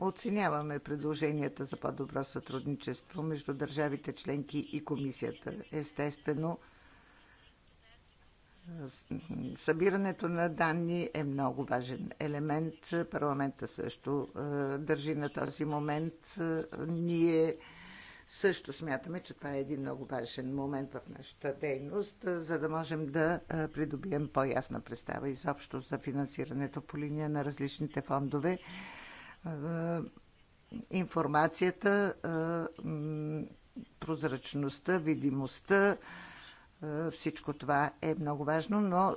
Оценяваме предложенията за по-добро сътрудничество между държавите членки и комисията. Естествено, събирането на данни е много важен елемент. Парламента също е, държи на този момент. Е, ние също смятаме, че това е един много важен момент в нашата дейност, е, за да можем да придобием по-ясна представа изобщо за финансирането по линия на различните фондове е, информацията, е, прозрачността, видимостта, е, всичко това е много важно, но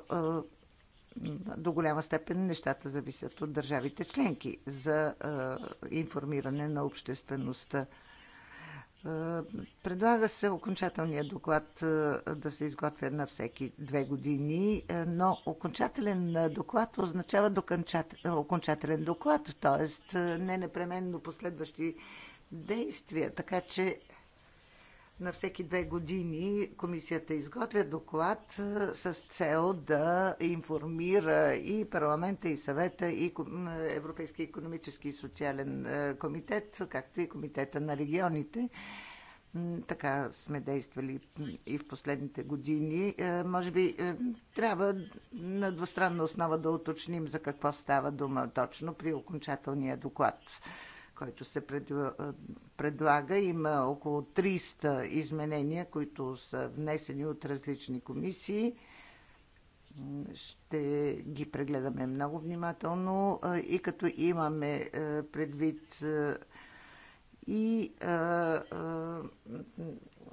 до голяма степен нещата зависят от държавите членки за информиране на обществеността. Е, предлага се окончателният доклад е, да се изготвя на всеки две години, е, но окончателен доклад означава окончателен доклад, т.е. не непременно последващи действия. Така че на всеки две години комисията изготвя доклад с цел да информира и парламента, и съвета, и Европейския економически и социален комитет, както и комитета на регионите. Така сме действали и в последните години. Може би трябва на двустранна основа да уточним за какво става дума точно при окончателния доклад който се предлага. Има около 300 изменения, които са внесени от различни комисии. Ще ги прегледаме много внимателно и като имаме предвид и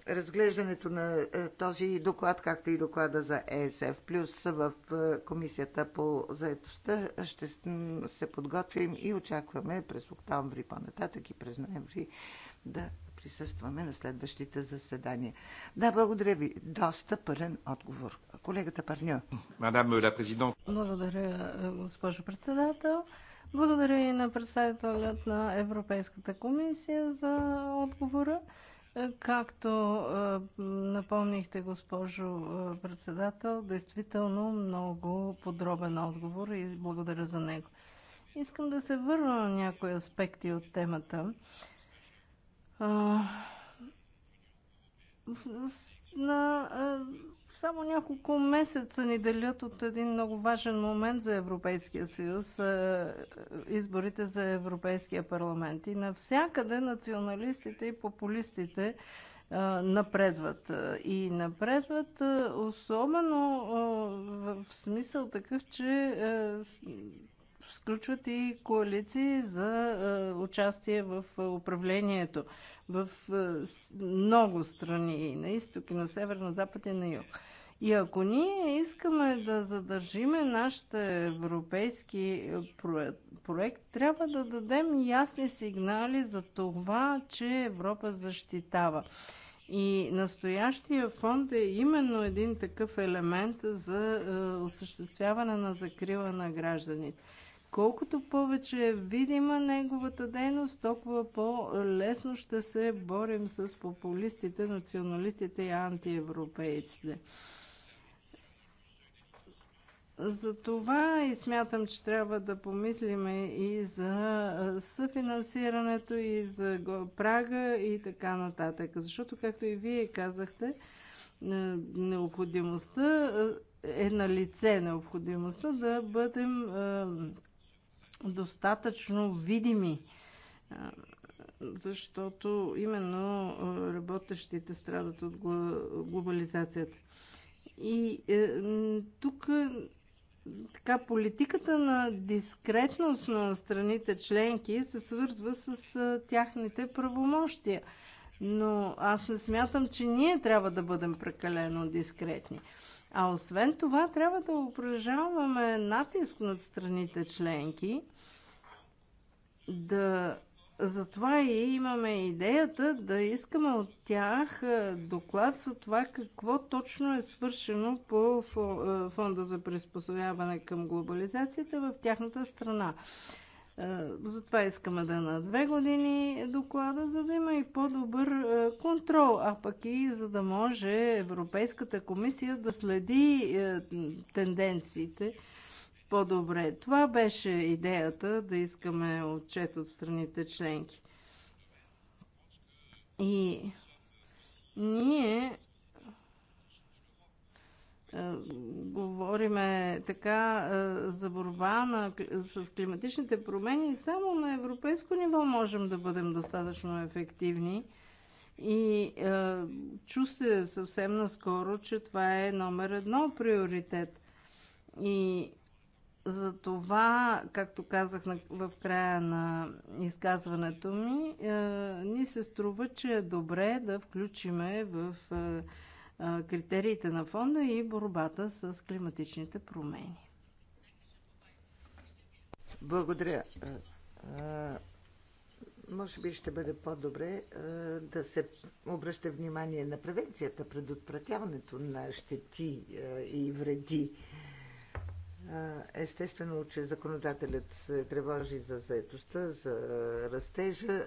разглеждането на е, този доклад, както и доклада за ЕСФ, плюс в е, Комисията по заедостта ще се подготвим и очакваме през октомври по-нататък и през ноември да присъстваме на следващите заседания. Да, благодаря ви. Доста пълен отговор. Колегата Парньо. Мадам ла президент. Благодаря, е, госпожо председател. Благодаря и на представителят на Европейската комисия за отговора. Както напомнихте, госпожо председател, действително много подробен отговор и благодаря за него. Искам да се върна на някои аспекти от темата на само няколко месеца ни делят от един много важен момент за Европейския съюз изборите за Европейския парламент. И навсякъде националистите и популистите напредват. И напредват особено в смисъл такъв, че сключват и коалиции за е, участие в е, управлението в е, много страни на изток и на север, на запад и на юг. И ако ние искаме да задържиме нашите европейски проект, трябва да дадем ясни сигнали за това, че Европа защитава. И настоящия фонд е именно един такъв елемент за осъществяване на закрила на гражданите колкото повече е видима неговата дейност, толкова по-лесно ще се борим с популистите, националистите и антиевропейците. За това и смятам, че трябва да помислим и за съфинансирането, и за прага и така нататък. Защото, както и вие казахте, е, необходимостта е, е на лице необходимостта да бъдем е, достатъчно видими, защото именно работещите страдат от глобализацията. И е, тук е, така, политиката на дискретност на страните членки се свързва с тяхните правомощия. Но аз не смятам, че ние трябва да бъдем прекалено дискретни. А освен това, трябва да упражняваме натиск над страните членки, да затова и имаме идеята да искаме от тях е, доклад за това какво точно е свършено по е, Фонда за приспособяване към глобализацията в тяхната страна. Е, затова искаме да е на две години доклада, за да има и по-добър е, контрол, а пък и за да може Европейската комисия да следи е, тенденциите по-добре. Това беше идеята да искаме отчет от страните членки. И ние е, говориме така е, за борба на, с климатичните промени, само на европейско ниво можем да бъдем достатъчно ефективни. И е, чу се съвсем наскоро, че това е номер едно приоритет. И за това, както казах на, в края на изказването ми, е, ни се струва, че е добре да включиме в. Е, критериите на фонда и борбата с климатичните промени. Благодаря. Може би ще бъде по-добре да се обръща внимание на превенцията, предотвратяването на щети и вреди Естествено, че законодателят се тревожи за заетостта, за растежа,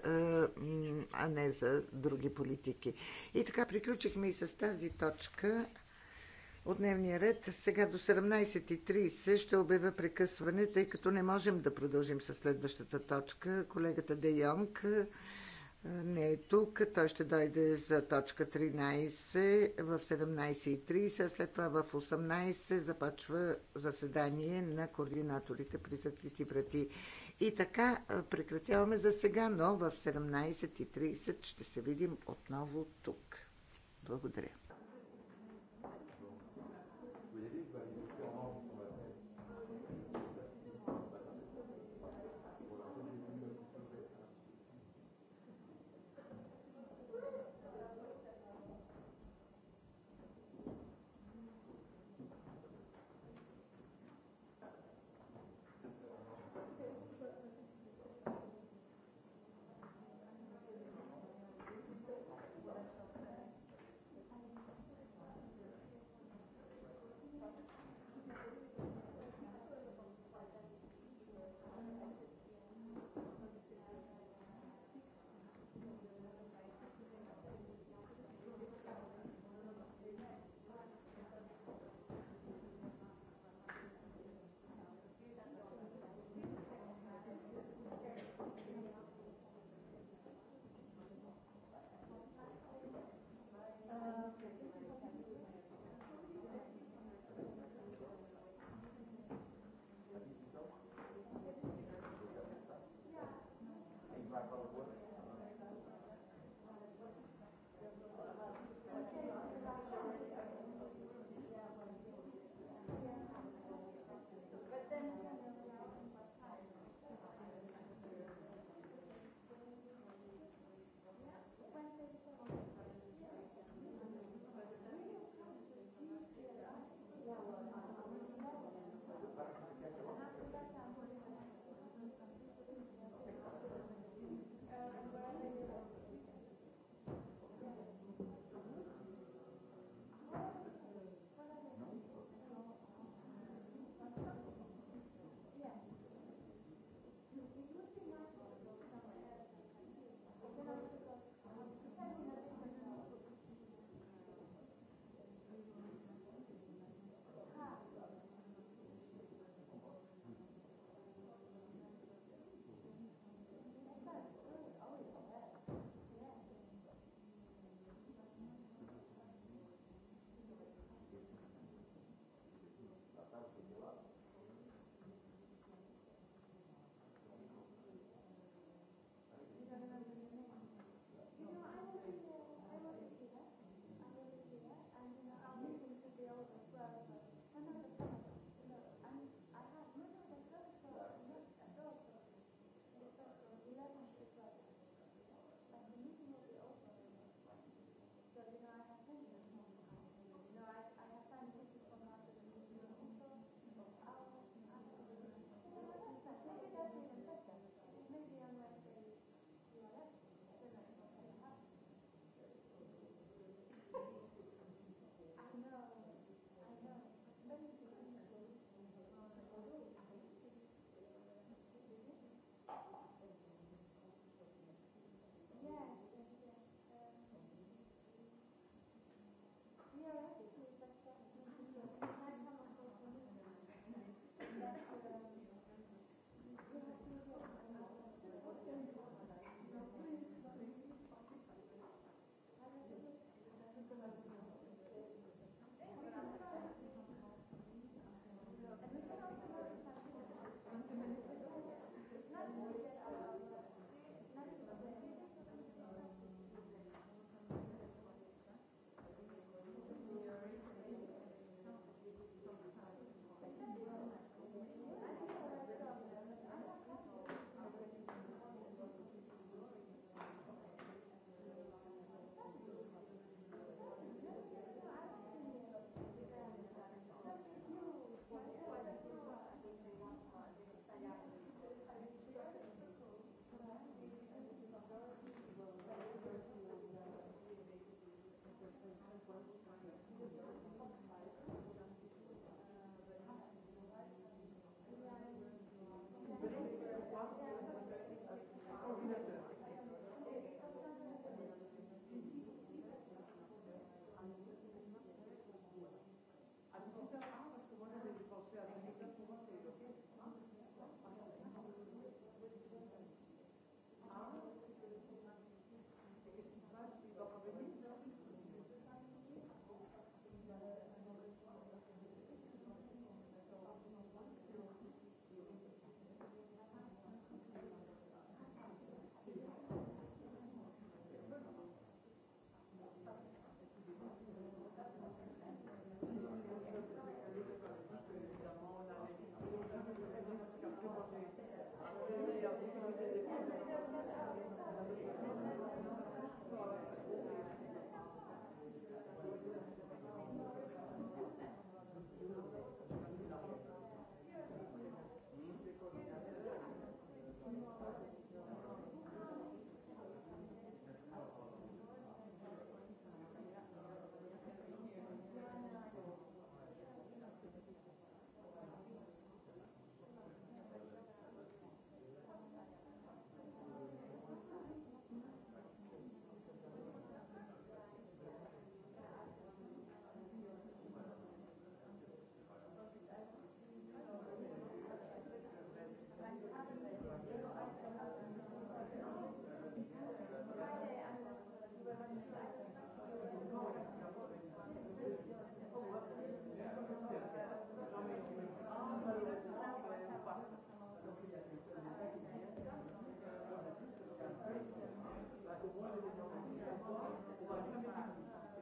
а не за други политики. И така приключихме и с тази точка от дневния ред. Сега до 17.30 ще обявя прекъсване, тъй като не можем да продължим с следващата точка. Колегата Де Йонг не е тук. Той ще дойде за точка 13 в 17.30, след това в 18 започва заседание на координаторите при закрити врати. И така прекратяваме за сега, но в 17.30 ще се видим отново тук. Благодаря.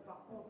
Par contre,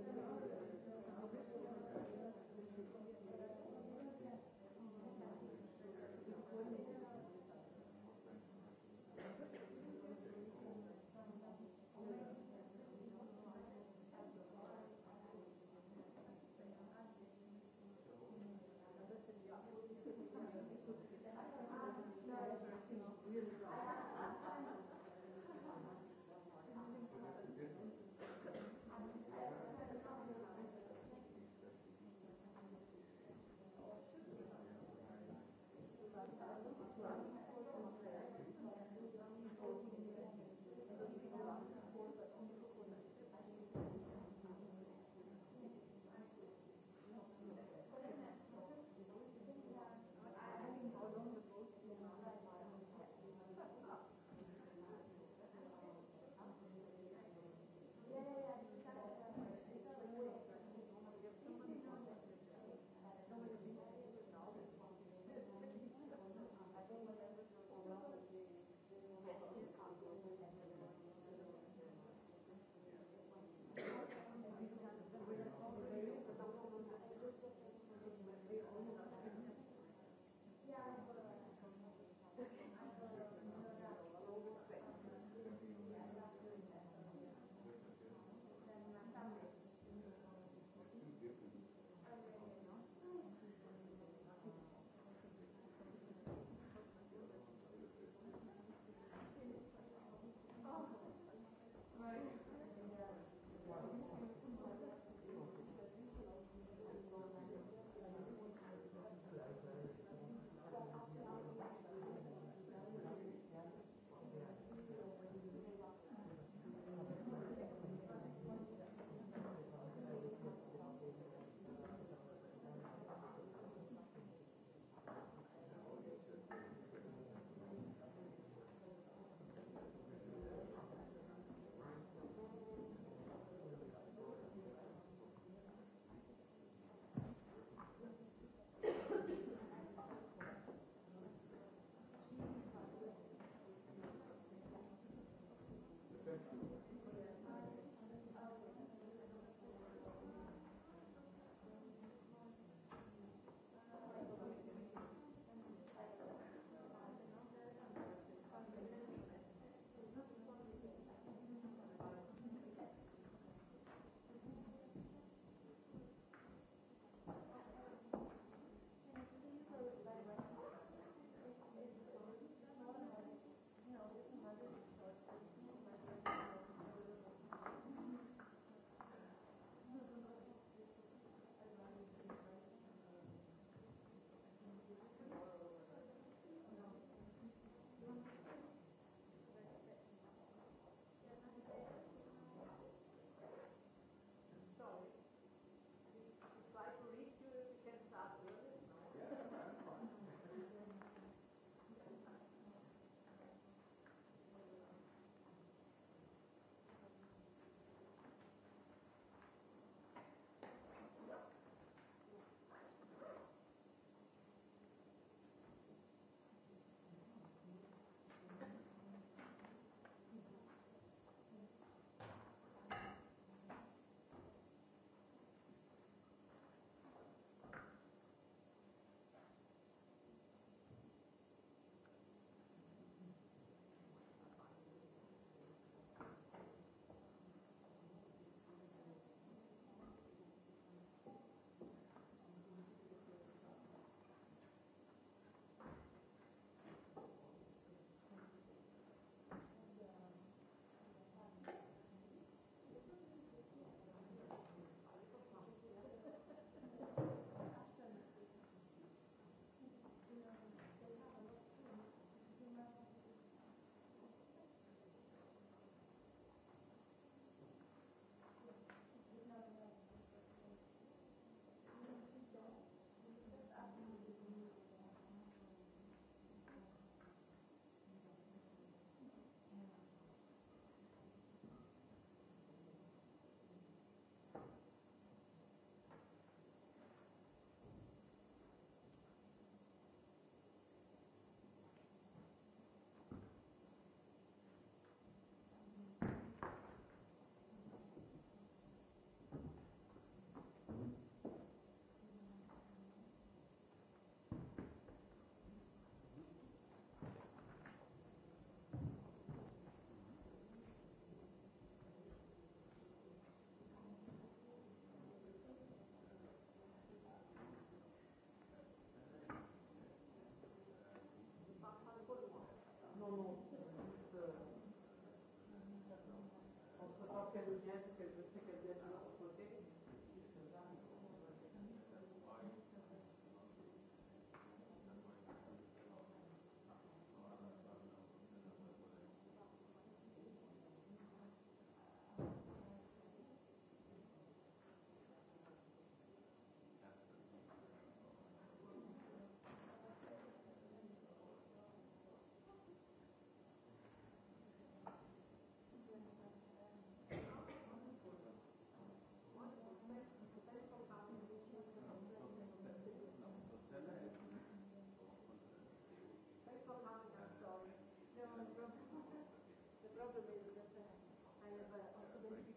много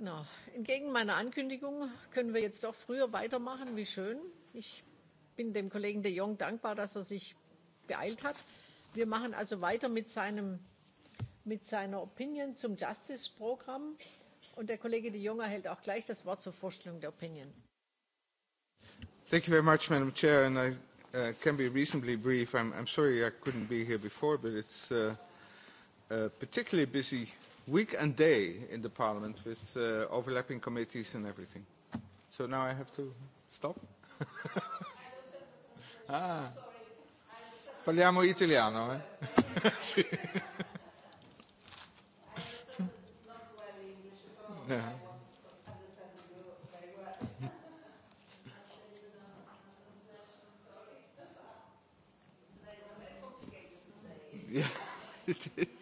Regner. Entgegen meiner Ankündigung können wir jetzt doch früher weitermachen. Wie schön. Ich bin dem Kollegen de Jong dankbar, dass er sich beeilt hat. Wir machen also weiter mit, seinem, mit seiner Opinion zum Justice-Programm. Und der Kollege de Jong erhält auch gleich das Wort zur Vorstellung der Opinion. Thank you very much, Madam Chair, and I uh, can be reasonably brief. I'm, I'm sorry I couldn't be here before, but it's uh, a particularly busy week and day in the parliament with uh, overlapping committees and everything. So now I have to stop. ah. Parliamo italiano, eh? sì. yeah. Yeah, it is.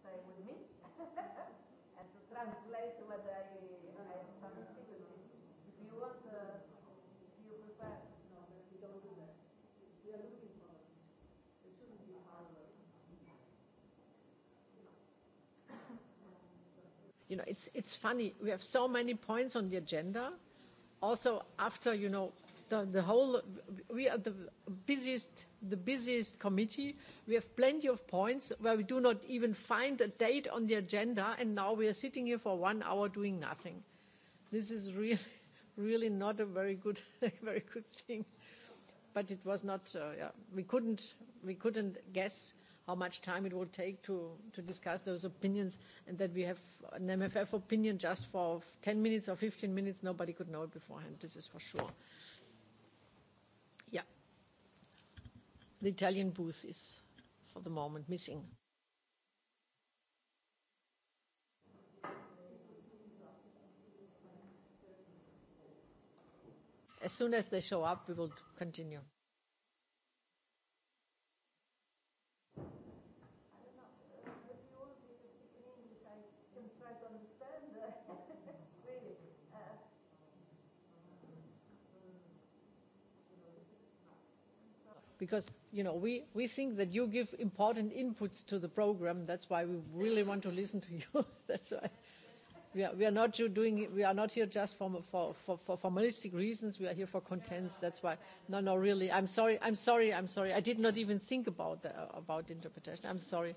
stay with me and to translate what I, I have some difficulty. If you want, uh, if you prefer. No, we don't do that. We are looking for it. It shouldn't be hard work. You know, it's, it's funny. We have so many points on the agenda. Also, after, you know, the, the whole, we are the busiest, the busiest committee. We have plenty of points where we do not even find a date on the agenda, and now we are sitting here for one hour doing nothing. This is really, really not a very good, very good thing. But it was not, uh, yeah, we couldn't, we couldn't guess how much time it will take to, to discuss those opinions and that we have an MFF opinion just for 10 minutes or 15 minutes. Nobody could know it beforehand, this is for sure. the Italian booth is for the moment missing. As soon as they show up, we will continue. because you know we, we think that you give important inputs to the program. That's why we really want to listen to you. That's why we are, we are not doing we are not here just for, for, for, for formalistic reasons. We are here for contents. That's why no no really. I'm sorry. I'm sorry. I'm sorry. I did not even think about the, about interpretation. I'm sorry.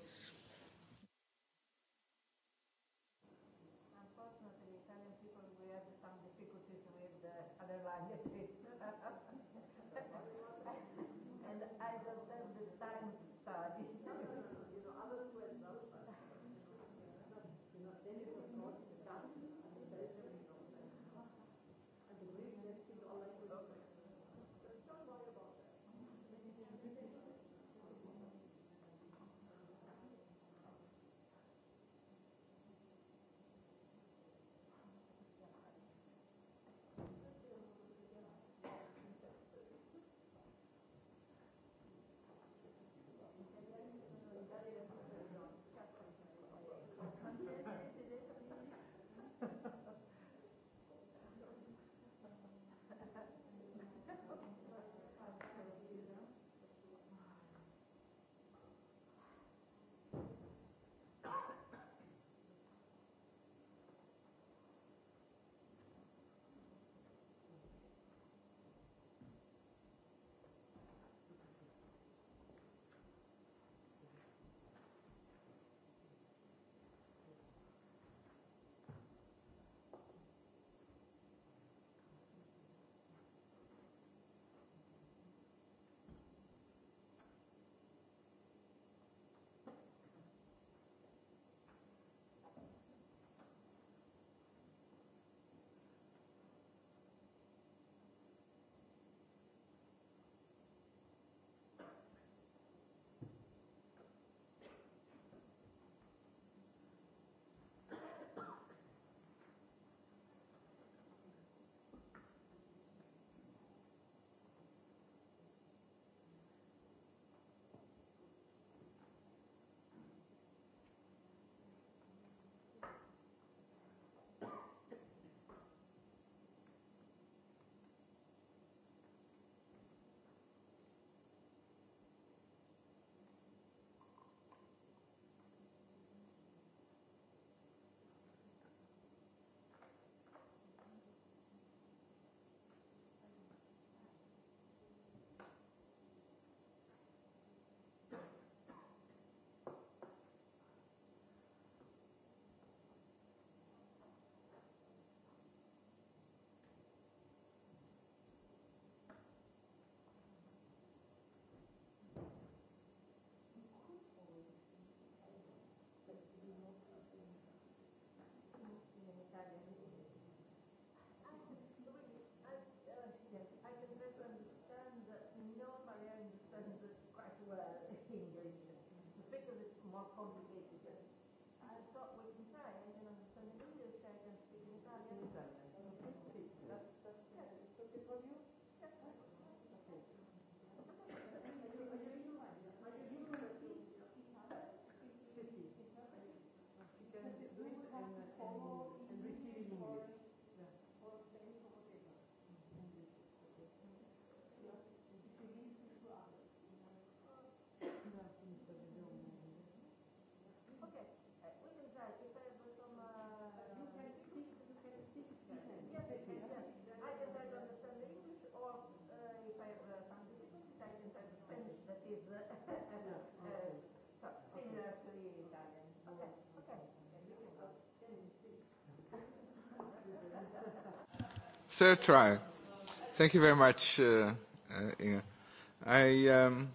Third try. Thank you very much, uh, uh, Inge. I um,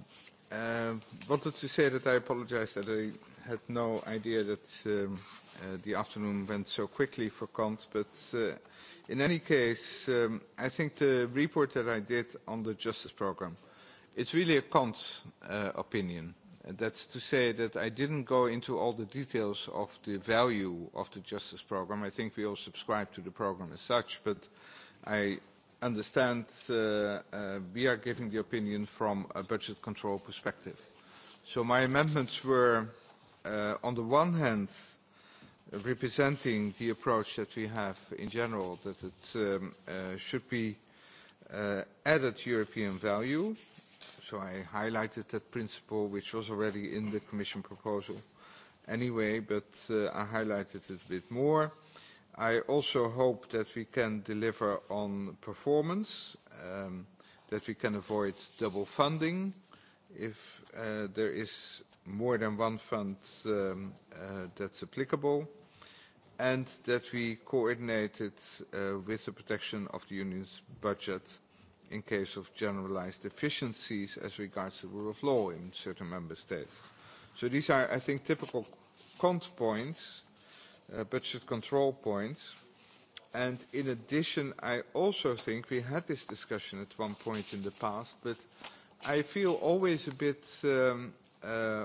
uh, wanted to say that I apologize that I had no idea that um, uh, the afternoon went so quickly for Kant, but uh, in any case, um, I think the report that I did on the justice program, it's really a Kant uh, opinion. That's to say that I didn't go into all the details of the value of the justice program. I think we all subscribe to the program as such, but uh, I understand we are giving the opinion from a budget control perspective. So my amendments were, on the one hand, representing the approach that we have in general, that it should be added European value. So I highlighted that principle, which was already in the Commission proposal anyway, but I highlighted it a bit more I also hope that we can deliver on performance, that we can avoid double funding. If there is more than one fund that's applicable, and that we coordinate it with the protection of the union's budget in case of generalized deficiencies as regards the rule of law in certain member states. So These are, I think, typical cont points uh, budget control points. And in addition, I also think we had this discussion at one point in the past, but I feel always a bit um, uh,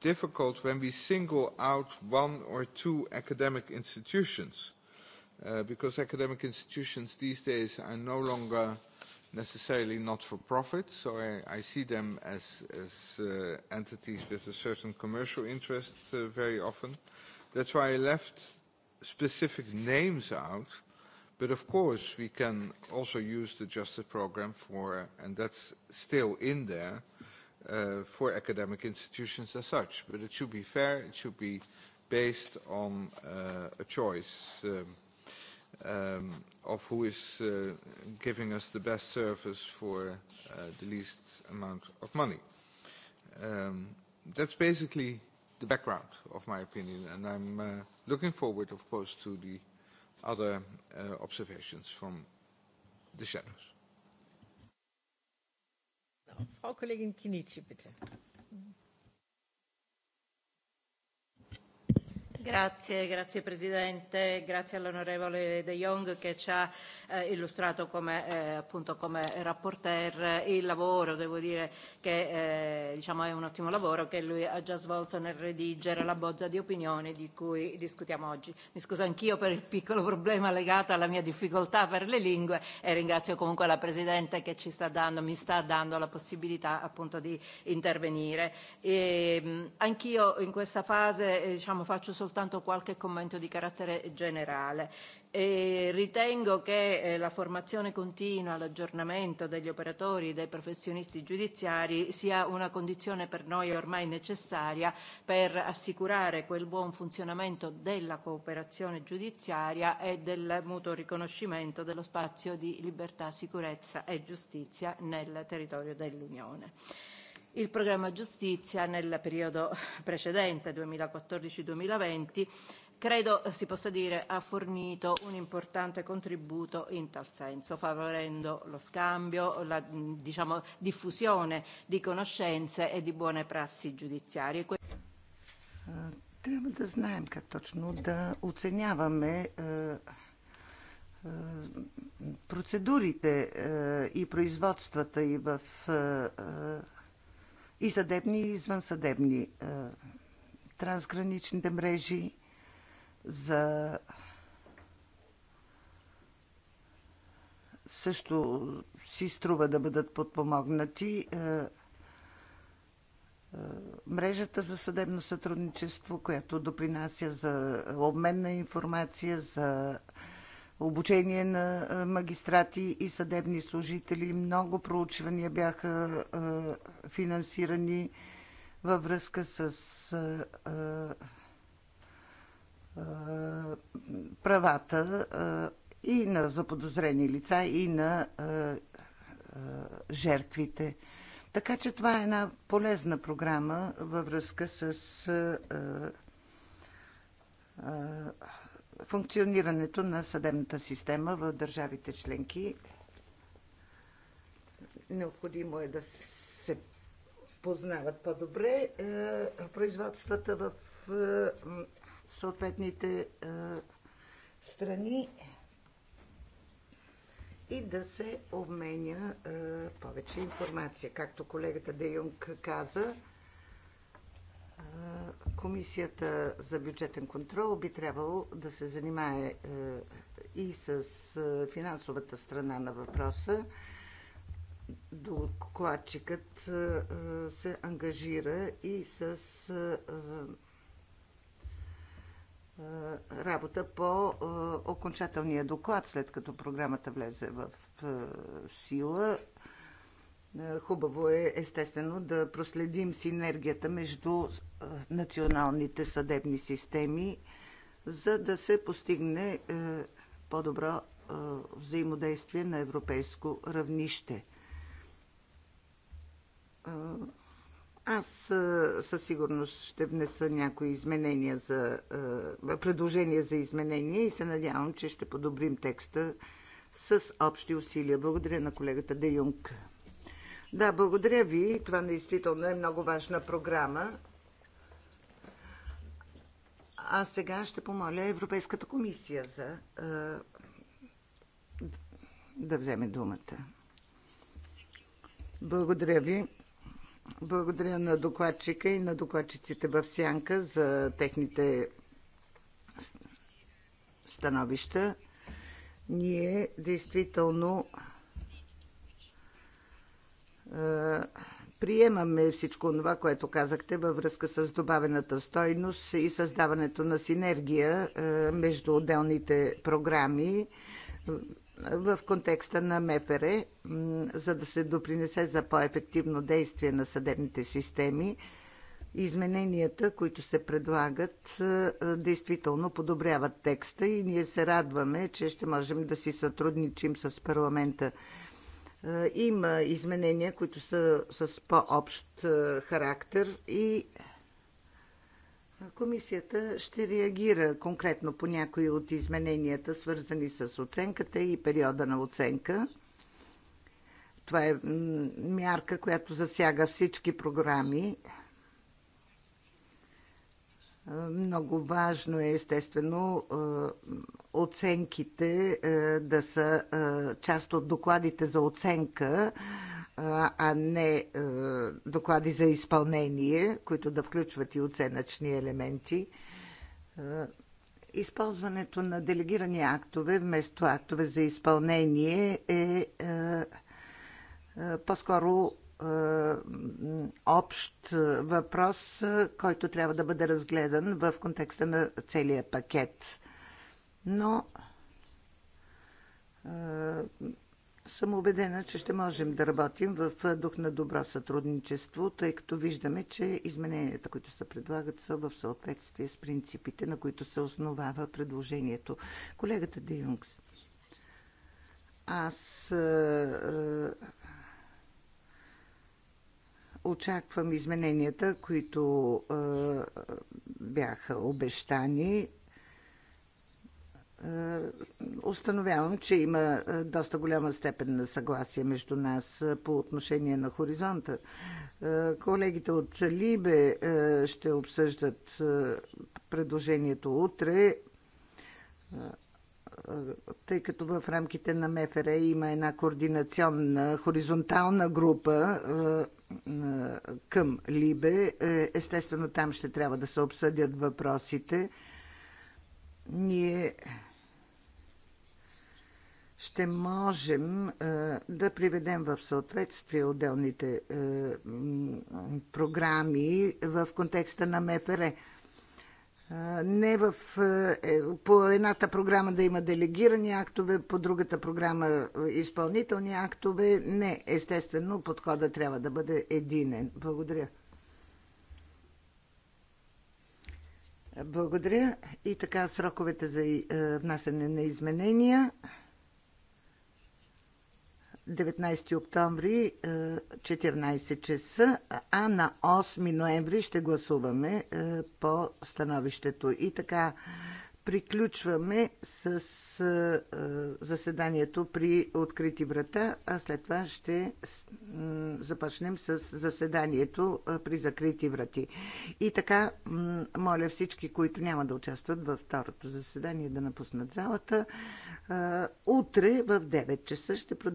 difficult when we single out one or two academic institutions, uh, because academic institutions these days are no longer necessarily not-for-profit, so I, I see them as, as uh, entities with a certain commercial interest uh, very often. That's why I left specific names out. But of course, we can also use the Justice Program for, and that's still in there, uh, for academic institutions as such. But it should be fair, it should be based on uh, a choice um, um, of who is uh, giving us the best service for uh, the least amount of money. Um, that's basically the background of my opinion, and I'm uh, looking forward, of course, to the other uh, observations from the shadows. Frau Kollegin Kinici, bitte. Grazie, grazie Presidente, grazie all'onorevole De Jong che ci ha eh, illustrato come, eh, appunto come rapporter il lavoro, devo dire che eh, diciamo è un ottimo lavoro che lui ha già svolto nel redigere la bozza di opinioni di cui discutiamo oggi. Mi scuso anch'io per il piccolo problema legato alla mia difficoltà per le lingue e ringrazio comunque la Presidente che ci sta dando, mi sta dando la possibilità appunto di intervenire. E, anch'io in questa fase eh, diciamo, faccio soltanto soltanto qualche commento di carattere generale. E ritengo che la formazione continua, l'aggiornamento degli operatori e dei professionisti giudiziari sia una condizione per noi ormai necessaria per assicurare quel buon funzionamento della cooperazione giudiziaria e del mutuo riconoscimento dello spazio di libertà, sicurezza e giustizia nel territorio dell'Unione il programma giustizia nel periodo precedente, 2014-2020, credo si possa dire ha fornito un importante contributo in tal senso, favorendo lo scambio, la diciamo, diffusione di conoscenze e di buone prassi giudiziarie. Трябва да знаем как точно да оценяваме процедурите и производствата и в и съдебни, и извънсъдебни е, трансграничните мрежи за също си струва да бъдат подпомогнати е, е, мрежата за съдебно сътрудничество, която допринася за обмен на информация, за е, обучение на магистрати и съдебни служители. Много проучвания бяха финансирани във връзка с правата и на заподозрени лица, и на жертвите. Така че това е една полезна програма във връзка с функционирането на съдебната система в държавите членки. Необходимо е да се познават по-добре е, производствата в е, съответните е, страни и да се обменя повече информация. Както колегата Де Юнг каза, Комисията за бюджетен контрол би трябвало да се занимае е, и с е, финансовата страна на въпроса. Докладчикът е, се ангажира и с работа по окончателния доклад, след като програмата влезе в сила. Е, хубаво е, естествено, да проследим синергията между е, националните съдебни системи, за да се постигне е, по-добро взаимодействие на европейско равнище. Аз със сигурност ще внеса някои изменения за, предложения за изменения и се надявам, че ще подобрим текста с общи усилия. Благодаря на колегата Де Юнг. Да, благодаря ви. Това действително е много важна програма. А сега ще помоля Европейската комисия за да вземе думата. Благодаря ви. Благодаря на докладчика и на докладчиците в Сянка за техните становища. Ние действително е, приемаме всичко това, което казахте във връзка с добавената стойност и създаването на синергия е, между отделните програми е, в контекста на МФР, за да се допринесе за по-ефективно действие на съдебните системи. Измененията, които се предлагат, действително подобряват текста и ние се радваме, че ще можем да си сътрудничим с парламента. Е, има изменения, които са с по-общ е, характер и Комисията ще реагира конкретно по някои от измененията, свързани с оценката и периода на оценка. Това е мярка, която засяга всички програми много важно е, естествено, оценките да са част от докладите за оценка, а не доклади за изпълнение, които да включват и оценъчни елементи. Използването на делегирани актове вместо актове за изпълнение е по-скоро е, общ е, въпрос, е, който трябва да бъде разгледан в контекста на целия пакет. Но съм убедена, че ще можем да работим в дух на добро сътрудничество, тъй като виждаме, че измененията, които се предлагат, са в съответствие с принципите, на които се основава предложението. Колегата Де Юнгс. Аз Очаквам измененията, които е, бяха обещани. Е, установявам, че има е, доста голяма степен на съгласие между нас е, по отношение на хоризонта. Е, колегите от Либе е, ще обсъждат е, предложението утре е, тъй като в рамките на МФР има една координационна, хоризонтална група към Либе. Е, естествено, там ще трябва да се обсъдят въпросите. Ние ще можем е, да приведем в съответствие отделните е, програми в контекста на МФР не в, е, по едната програма да има делегирани актове, по другата програма изпълнителни актове. Не, естествено, подхода трябва да бъде единен. Благодаря. Благодаря. И така, сроковете за внасяне на изменения 19 октомври 14 е, часа, а на 8 ноември ще гласуваме е, по становището. И така, приключваме с е, заседанието при открити врата, а след това ще започнем с заседанието при закрити врати. И така, моля всички, които няма да участват във второто заседание, да напуснат залата. утре в 9 часа ще продължим.